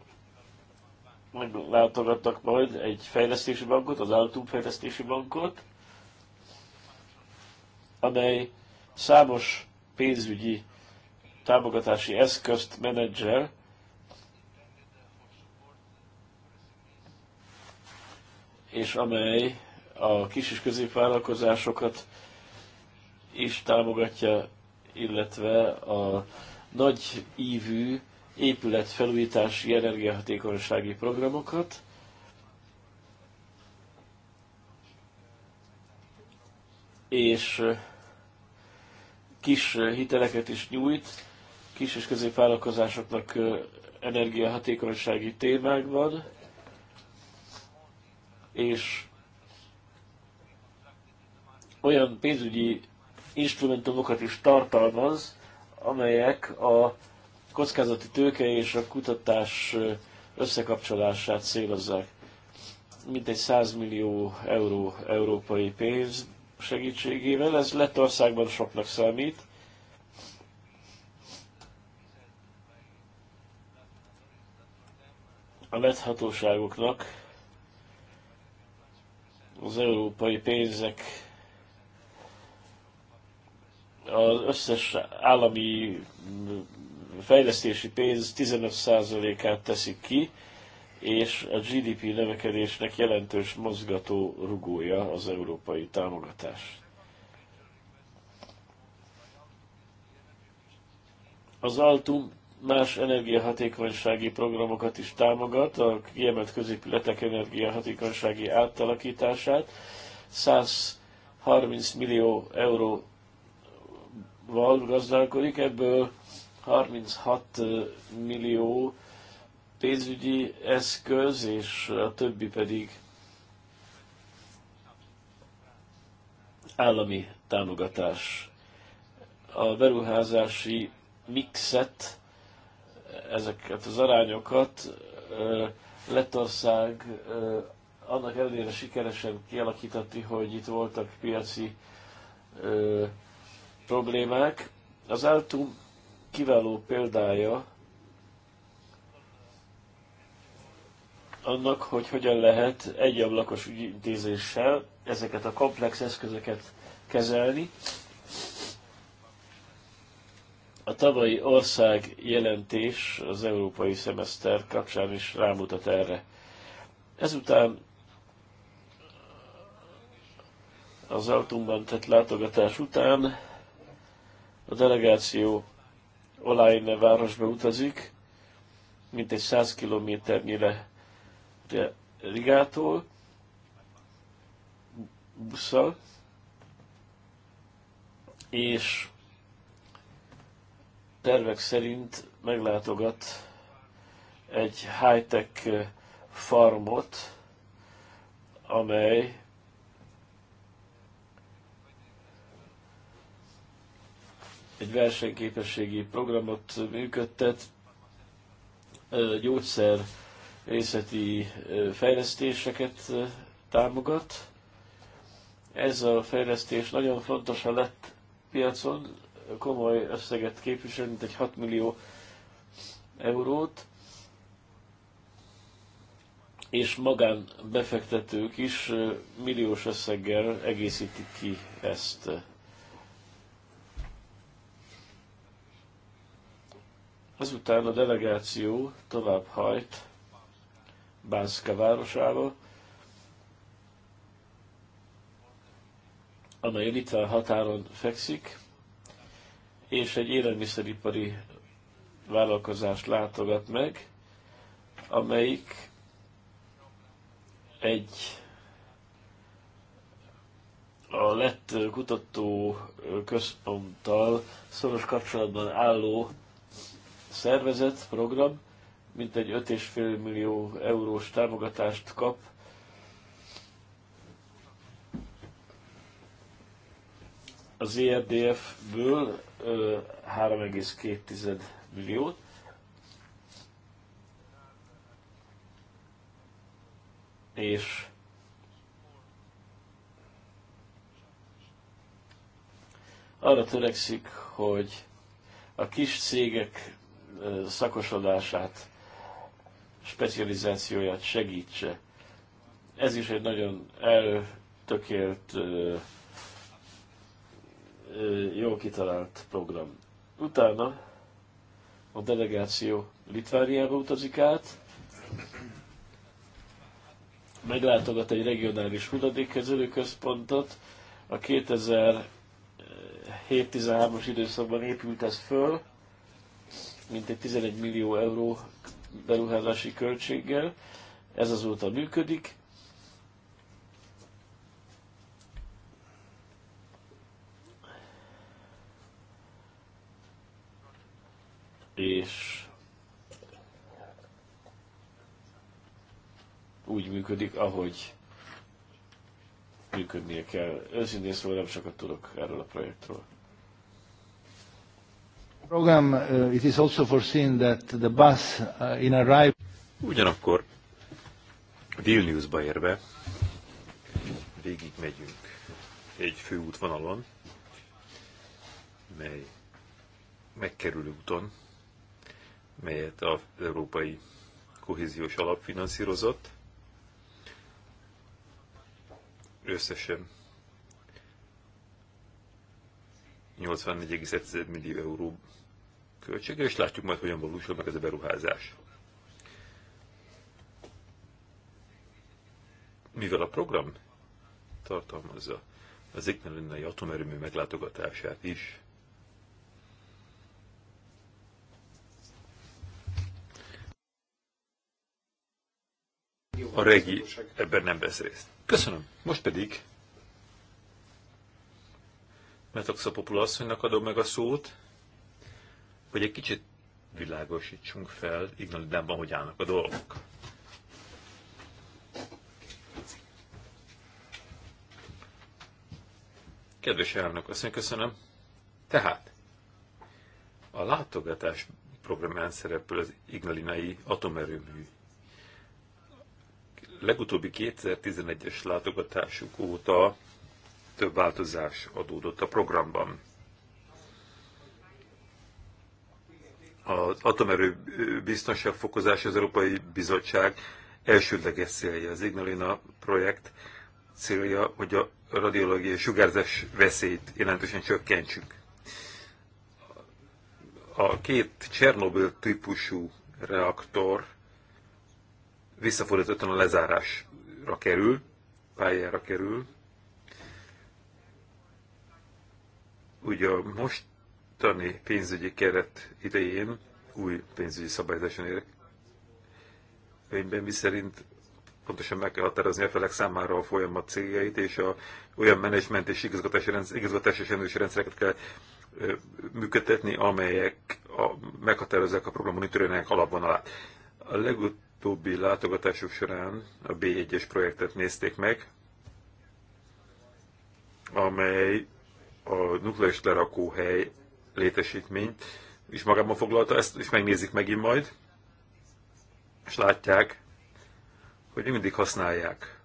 meglátogattak majd egy fejlesztési bankot, az Altum fejlesztési bankot, amely számos pénzügyi támogatási eszközt menedzsel, és amely a kis és középvállalkozásokat is támogatja, illetve a nagy ívű épületfelújítási energiahatékonysági programokat. és kis hiteleket is nyújt, kis és középvállalkozásoknak energiahatékonysági témákban, és olyan pénzügyi instrumentumokat is tartalmaz, amelyek a kockázati tőke és a kutatás összekapcsolását célozzák. Mintegy 100 millió euró európai pénz segítségével. Ez Lettországban soknak számít. A lett hatóságoknak az európai pénzek az összes állami fejlesztési pénz 15%-át teszik ki, és a GDP növekedésnek jelentős mozgató rugója az európai támogatás. Az Altum más energiahatékonysági programokat is támogat, a kiemelt középületek energiahatékonysági átalakítását. 130 millió euróval gazdálkodik, ebből 36 millió pénzügyi eszköz, és a többi pedig állami támogatás. A beruházási mixet ezeket az arányokat. Lettország annak ellenére sikeresen kialakítati, hogy itt voltak piaci problémák. Az Altum kiváló példája annak, hogy hogyan lehet ablakos ügyintézéssel ezeket a komplex eszközöket kezelni, a tavalyi ország jelentés az európai szemeszter kapcsán is rámutat erre. Ezután az autómban tett látogatás után a delegáció Olajne városba utazik, mintegy 100 kilométernyire Rigától, busszal, és tervek szerint meglátogat egy high-tech eh, farmot, amely egy versenyképességi programot működtet, eh, gyógyszer részleti eh, fejlesztéseket támogat. Ez a fejlesztés nagyon fontos a lett piacon, komoly összeget képvisel, mint egy 6 millió eurót, és magán befektetők is milliós összeggel egészítik ki ezt. Ezután a delegáció tovább hajt Bánszka városába, amely Litván határon fekszik, és egy élelmiszeripari vállalkozást látogat meg, amelyik egy a lett kutató központtal szoros kapcsolatban álló szervezet, program, mint egy 5,5 millió eurós támogatást kap az ERDF-ből 3,2 milliót, és arra törekszik, hogy a kis cégek szakosodását, specializációját segítse. Ez is egy nagyon eltökélt jó kitalált program. Utána a delegáció Litvániába utazik át, meglátogat egy regionális hulladékkezelő központot, a 2007-13-as időszakban épült ez föl, mintegy 11 millió euró beruházási költséggel, ez azóta működik, és úgy működik, ahogy működnie kell. Őszintén szóval nem sokat tudok erről a projektről. Program, uh, it is also foreseen that the bus uh, in arrival... Ugyanakkor Vilniusba érve végig megyünk egy főútvonalon, mely megkerülő úton melyet az Európai Kohéziós Alap finanszírozott. Összesen 84,1 millió euró költsége, és látjuk majd, hogyan valósul meg ez a beruházás. Mivel a program tartalmazza az Iknelinai atomerőmű meglátogatását is, a regi ebben nem vesz részt. Köszönöm. Most pedig Metoxa Popula asszonynak adom meg a szót, hogy egy kicsit világosítsunk fel Ignalidában, hogy állnak a dolgok. Kedves elnök, azt köszönöm. Tehát, a látogatás programján szerepel az Ignalinai atomerőmű legutóbbi 2011-es látogatásuk óta több változás adódott a programban. Az atomerő biztonságfokozás az Európai Bizottság elsődleges célja. Az Ignalina projekt célja, hogy a radiológiai sugárzás veszélyt jelentősen csökkentsük. A két Csernobyl típusú reaktor visszafordítottan a lezárásra kerül, pályára kerül. Ugye a mostani pénzügyi keret idején új pénzügyi szabályzáson érek. Önben mi szerint pontosan meg kell határozni a felek számára a folyamat céljait, és a, olyan menedzsment és igazgatási, rendszer, igazgatási és rendszereket kell ö, működtetni, amelyek a, meghatározzák a program monitoringjának alapvonalát. A legut Többi látogatásuk során a B1-es projektet nézték meg, amely a nukleáris lerakóhely létesítményt is magában foglalta, ezt is megnézik megint majd, és látják, hogy mindig használják.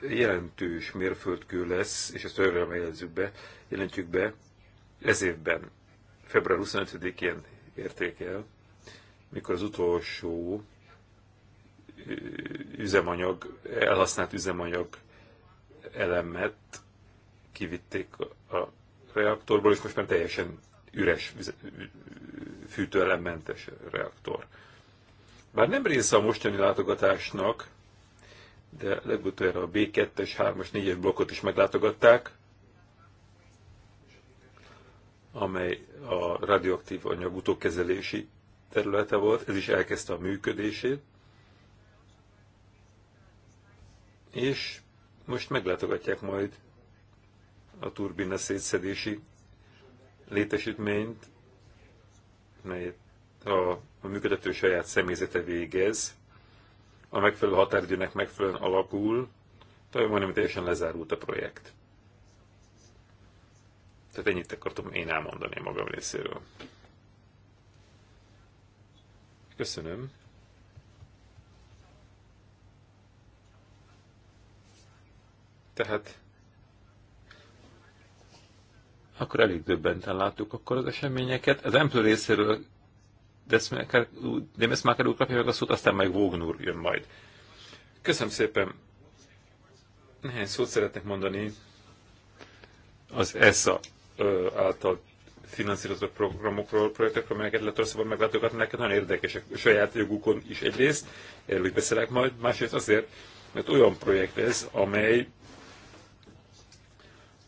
Jelentős mérföldkő lesz, és ezt örömmel jelezzük be, jelentjük be, ez évben, február 25-én érték el, mikor az utolsó eh, üzemanyag, elhasznált üzemanyag elemet kivitték a reaktorból, és most már teljesen üres fűtőelemmentes reaktor. Bár nem része a mostani látogatásnak, de legutóbb a B2-es, 3-as, 4-es blokkot is meglátogatták, amely a radioaktív anyag utókezelési területe volt, ez is elkezdte a működését, és most meglátogatják majd a turbina szétszedési létesítményt, melyet a, a működető saját személyzete végez, a megfelelő határidőnek megfelelően alakul, talán majdnem teljesen lezárult a projekt. Tehát ennyit akartam én elmondani magam részéről. Köszönöm. Tehát akkor elég döbbenten láttuk akkor az eseményeket. Az Emplő részéről Demesmaker úr kapja meg a szót, aztán meg Vognur jön majd. Köszönöm szépen. Néhány szót szeretnék mondani az ESA által finanszírozott programokról, projektekről, amelyeket Lettországban meglátogatnak, nagyon érdekesek saját jogukon is egyrészt, erről beszélek majd, másrészt azért, mert olyan projekt ez, amely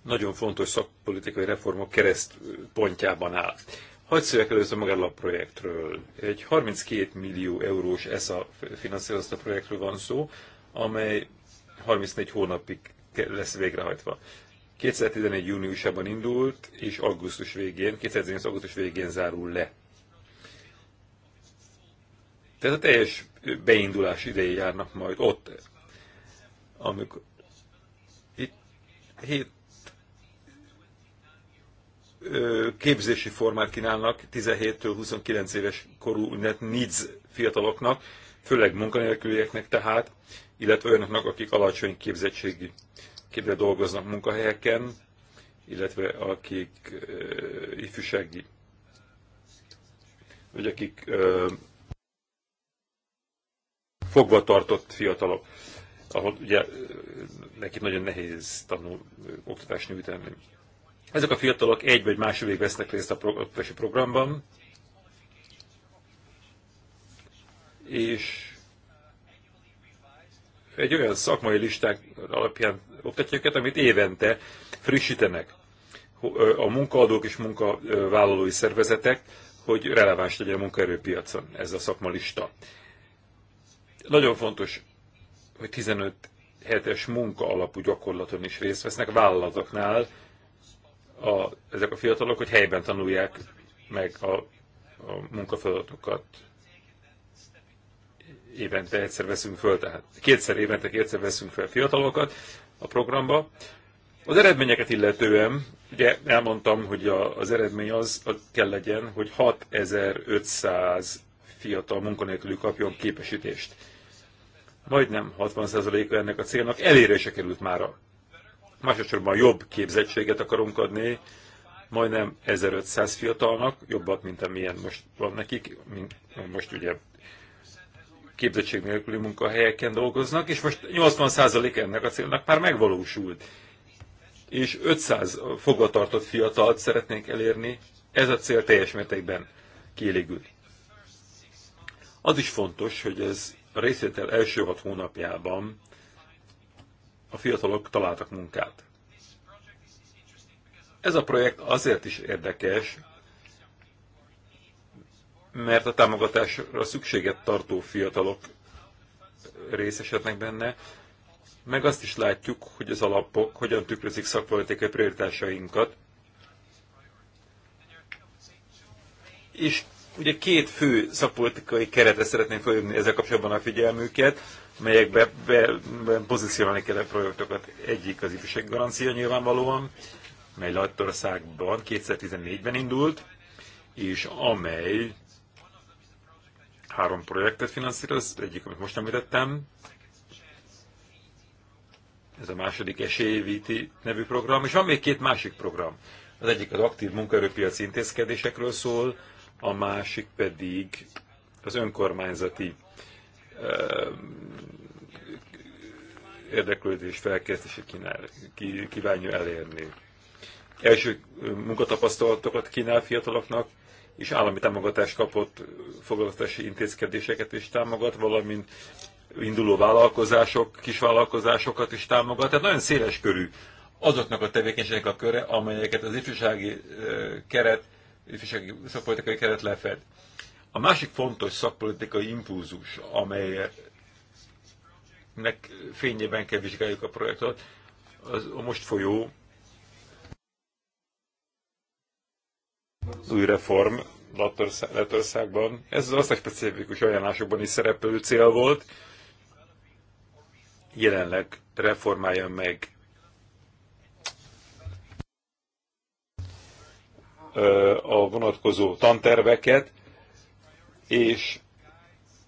nagyon fontos szakpolitikai reformok pontjában áll. Hadd szüljek először magáról a projektről. Egy 32 millió eurós ESA finanszírozta projektről van szó, amely 34 hónapig lesz végrehajtva. 2011. júniusában indult, és augusztus végén, 2018. augusztus végén zárul le. Tehát a teljes beindulás idején járnak majd ott, amikor itt hét képzési formát kínálnak 17-től 29 éves korú úgynevezett NIDS fiataloknak, főleg munkanélkülieknek tehát, illetve olyanoknak, akik alacsony képzettségi képre dolgoznak munkahelyeken, illetve akik uh, ifjúsági, vagy akik uh, fogva tartott fiatalok, ahol ugye nekik nagyon nehéz tanul oktatást nyújtani. Ezek a fiatalok egy vagy más évig vesznek részt a oktatási programban, és egy olyan szakmai listák alapján oktatja amit évente frissítenek a munkaadók és munkavállalói szervezetek, hogy releváns legyen a munkaerőpiacon ez a szakmalista. Nagyon fontos, hogy 15 hetes munka alapú gyakorlaton is részt vesznek vállalatoknál a, ezek a fiatalok, hogy helyben tanulják meg a, a munkafeladatokat. Évente egyszer veszünk föl, tehát kétszer évente kétszer veszünk fel fiatalokat, a programba. Az eredményeket illetően, ugye elmondtam, hogy a, az eredmény az a, kell legyen, hogy 6500 fiatal munkanélkülű kapjon képesítést. Majdnem 60%-a ennek a célnak elérése került már. Másodszorban jobb képzettséget akarunk adni, majdnem 1500 fiatalnak, jobbat, mint amilyen most van nekik, mint most ugye képzettség nélküli munkahelyeken dolgoznak, és most 80% ennek a célnak már megvalósult. És 500 fogvatartott fiatalt szeretnénk elérni, ez a cél teljes mértékben kielégült. Az is fontos, hogy ez a részvétel első hat hónapjában a fiatalok találtak munkát. Ez a projekt azért is érdekes, mert a támogatásra szükséget tartó fiatalok részesednek benne, meg azt is látjuk, hogy az alapok hogyan tükrözik szakpolitikai prioritásainkat. És ugye két fő szakpolitikai keretre szeretném felhívni ezzel kapcsolatban a figyelmüket, melyekbe be, be pozícionálni kell a projektokat. Egyik az ifjúság garancia nyilvánvalóan, mely Lajtországban 2014-ben indult, és amely három projektet finanszíroz, egyik, amit most említettem, ez a második esélyvíti nevű program, és van még két másik program. Az egyik az aktív munkaerőpiaci intézkedésekről szól, a másik pedig az önkormányzati ö, érdeklődés felkészítését kínál, ki, kívánja elérni. Első munkatapasztalatokat kínál fiataloknak, és állami támogatást kapott foglalkoztási intézkedéseket is támogat, valamint induló vállalkozások, kisvállalkozásokat is támogat. Tehát nagyon széles körű azoknak a tevékenységek a köre, amelyeket az ifjúsági keret, ifjúsági szakpolitikai keret lefed. A másik fontos szakpolitikai impulzus, amelynek fényében kell vizsgáljuk a projektot, az a most folyó az új reform Lettországban. Ez az aztán specifikus ajánlásokban is szereplő cél volt. Jelenleg reformálja meg a vonatkozó tanterveket, és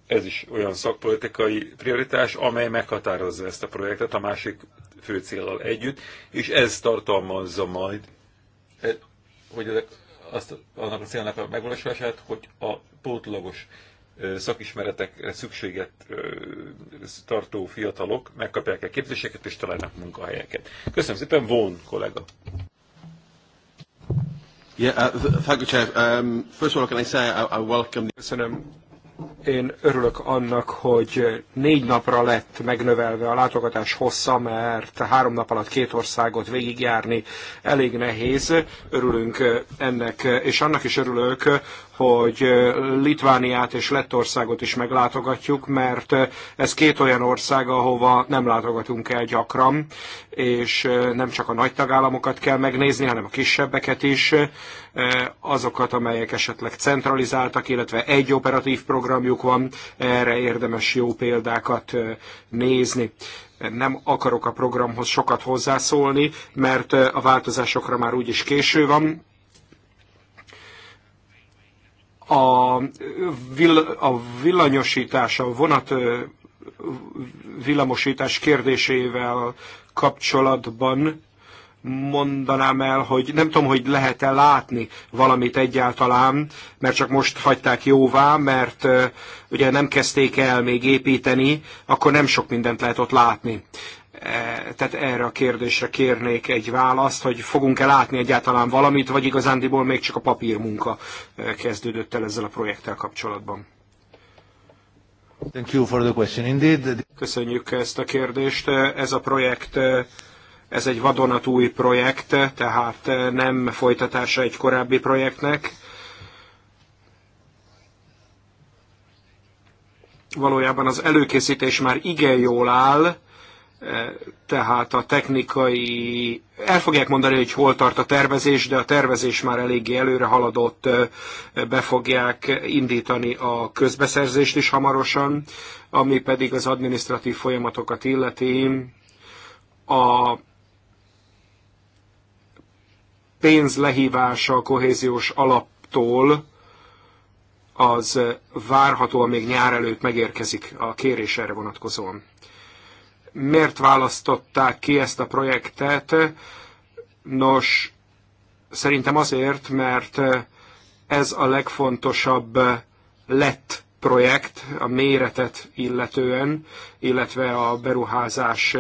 ez is olyan szakpolitikai prioritás, amely meghatározza ezt a projektet a másik fő célral együtt, és ez tartalmazza majd, hogy ezek azt, annak a célnak a megvalósulását, hogy a pótlagos szakismeretekre szükséget tartó fiatalok megkapják a képzéseket és találnak munkahelyeket. Köszönöm szépen, Vón kollega! Yeah, uh, thank you, Chair. Um, first of all, can I say I, I welcome... Köszönöm, én örülök annak, hogy négy napra lett megnövelve a látogatás hossza, mert három nap alatt két országot végigjárni elég nehéz. Örülünk ennek, és annak is örülök, hogy Litvániát és Lettországot is meglátogatjuk, mert ez két olyan ország, ahova nem látogatunk el gyakran, és nem csak a nagy tagállamokat kell megnézni, hanem a kisebbeket is, azokat, amelyek esetleg centralizáltak, illetve egy operatív programjuk van, erre érdemes jó példákat nézni nem akarok a programhoz sokat hozzászólni, mert a változásokra már úgyis késő van, a, vill, a villanyosítás, a vonat villamosítás kérdésével kapcsolatban mondanám el, hogy nem tudom, hogy lehet-e látni valamit egyáltalán, mert csak most hagyták jóvá, mert ugye nem kezdték el még építeni, akkor nem sok mindent lehet ott látni. E, tehát erre a kérdésre kérnék egy választ, hogy fogunk-e látni egyáltalán valamit, vagy igazándiból még csak a papírmunka e, kezdődött el ezzel a projekttel kapcsolatban. Thank you for the question. Indeed. Köszönjük ezt a kérdést. E, ez a projekt ez egy vadonatúj projekt, tehát nem folytatása egy korábbi projektnek. Valójában az előkészítés már igen jól áll, E, tehát a technikai, el fogják mondani, hogy hol tart a tervezés, de a tervezés már eléggé előre haladott, e, be fogják indítani a közbeszerzést is hamarosan, ami pedig az administratív folyamatokat illeti. A pénz lehívása a kohéziós alaptól az várhatóan még nyár előtt megérkezik a kérés erre vonatkozóan miért választották ki ezt a projektet? Nos, szerintem azért, mert ez a legfontosabb lett projekt a méretet illetően, illetve a beruházás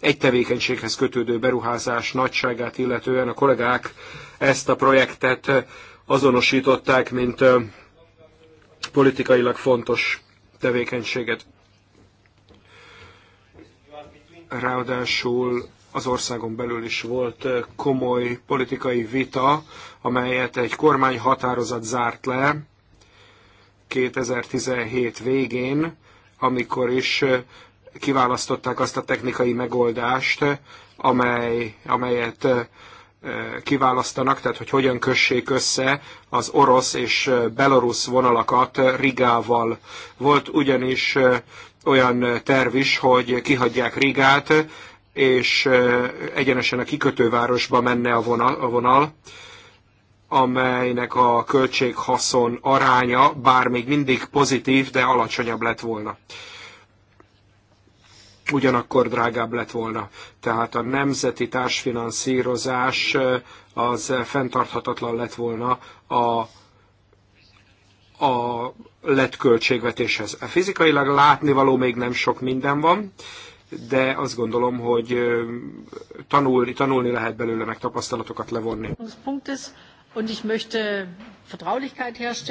egy tevékenységhez kötődő beruházás nagyságát illetően a kollégák ezt a projektet azonosították, mint politikailag fontos tevékenységet. Ráadásul az országon belül is volt komoly politikai vita, amelyet egy kormány határozat zárt le 2017 végén, amikor is kiválasztották azt a technikai megoldást, amely, amelyet kiválasztanak, tehát hogy hogyan kössék össze az orosz és belorusz vonalakat Rigával. Volt ugyanis olyan terv is, hogy kihagyják Rigát, és egyenesen a kikötővárosba menne a vonal, a vonal amelynek a költség aránya, bár még mindig pozitív, de alacsonyabb lett volna. Ugyanakkor drágább lett volna. Tehát a nemzeti társfinanszírozás az fenntarthatatlan lett volna a a lett költségvetéshez. Fizikailag látnivaló még nem sok minden van, de azt gondolom, hogy tanulni, tanulni lehet belőle, meg tapasztalatokat levonni.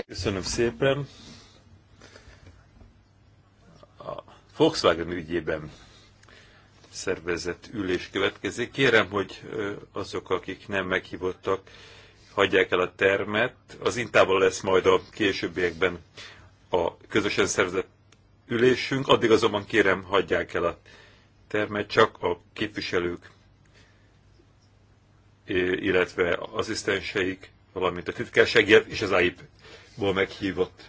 Köszönöm szépen. A Volkswagen ügyében szervezett ülés következik. Kérem, hogy azok, akik nem meghívottak, hagyják el a termet. Az intával lesz majd a későbbiekben a közösen szervezett ülésünk, addig azonban kérem, hagyják el a termet, csak a képviselők, illetve asszisztenseik, valamint a titkárság, és az AIP-ból meghívott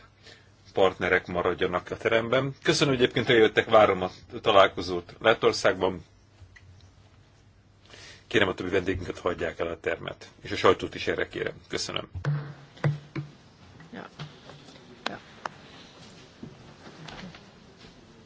partnerek maradjanak a teremben. Köszönöm, hogy egyébként eljöttek, várom a találkozót Lettországban. Kérem a többi vendégünket hagyják el a termet, és a sajtót is erre kérem. Köszönöm.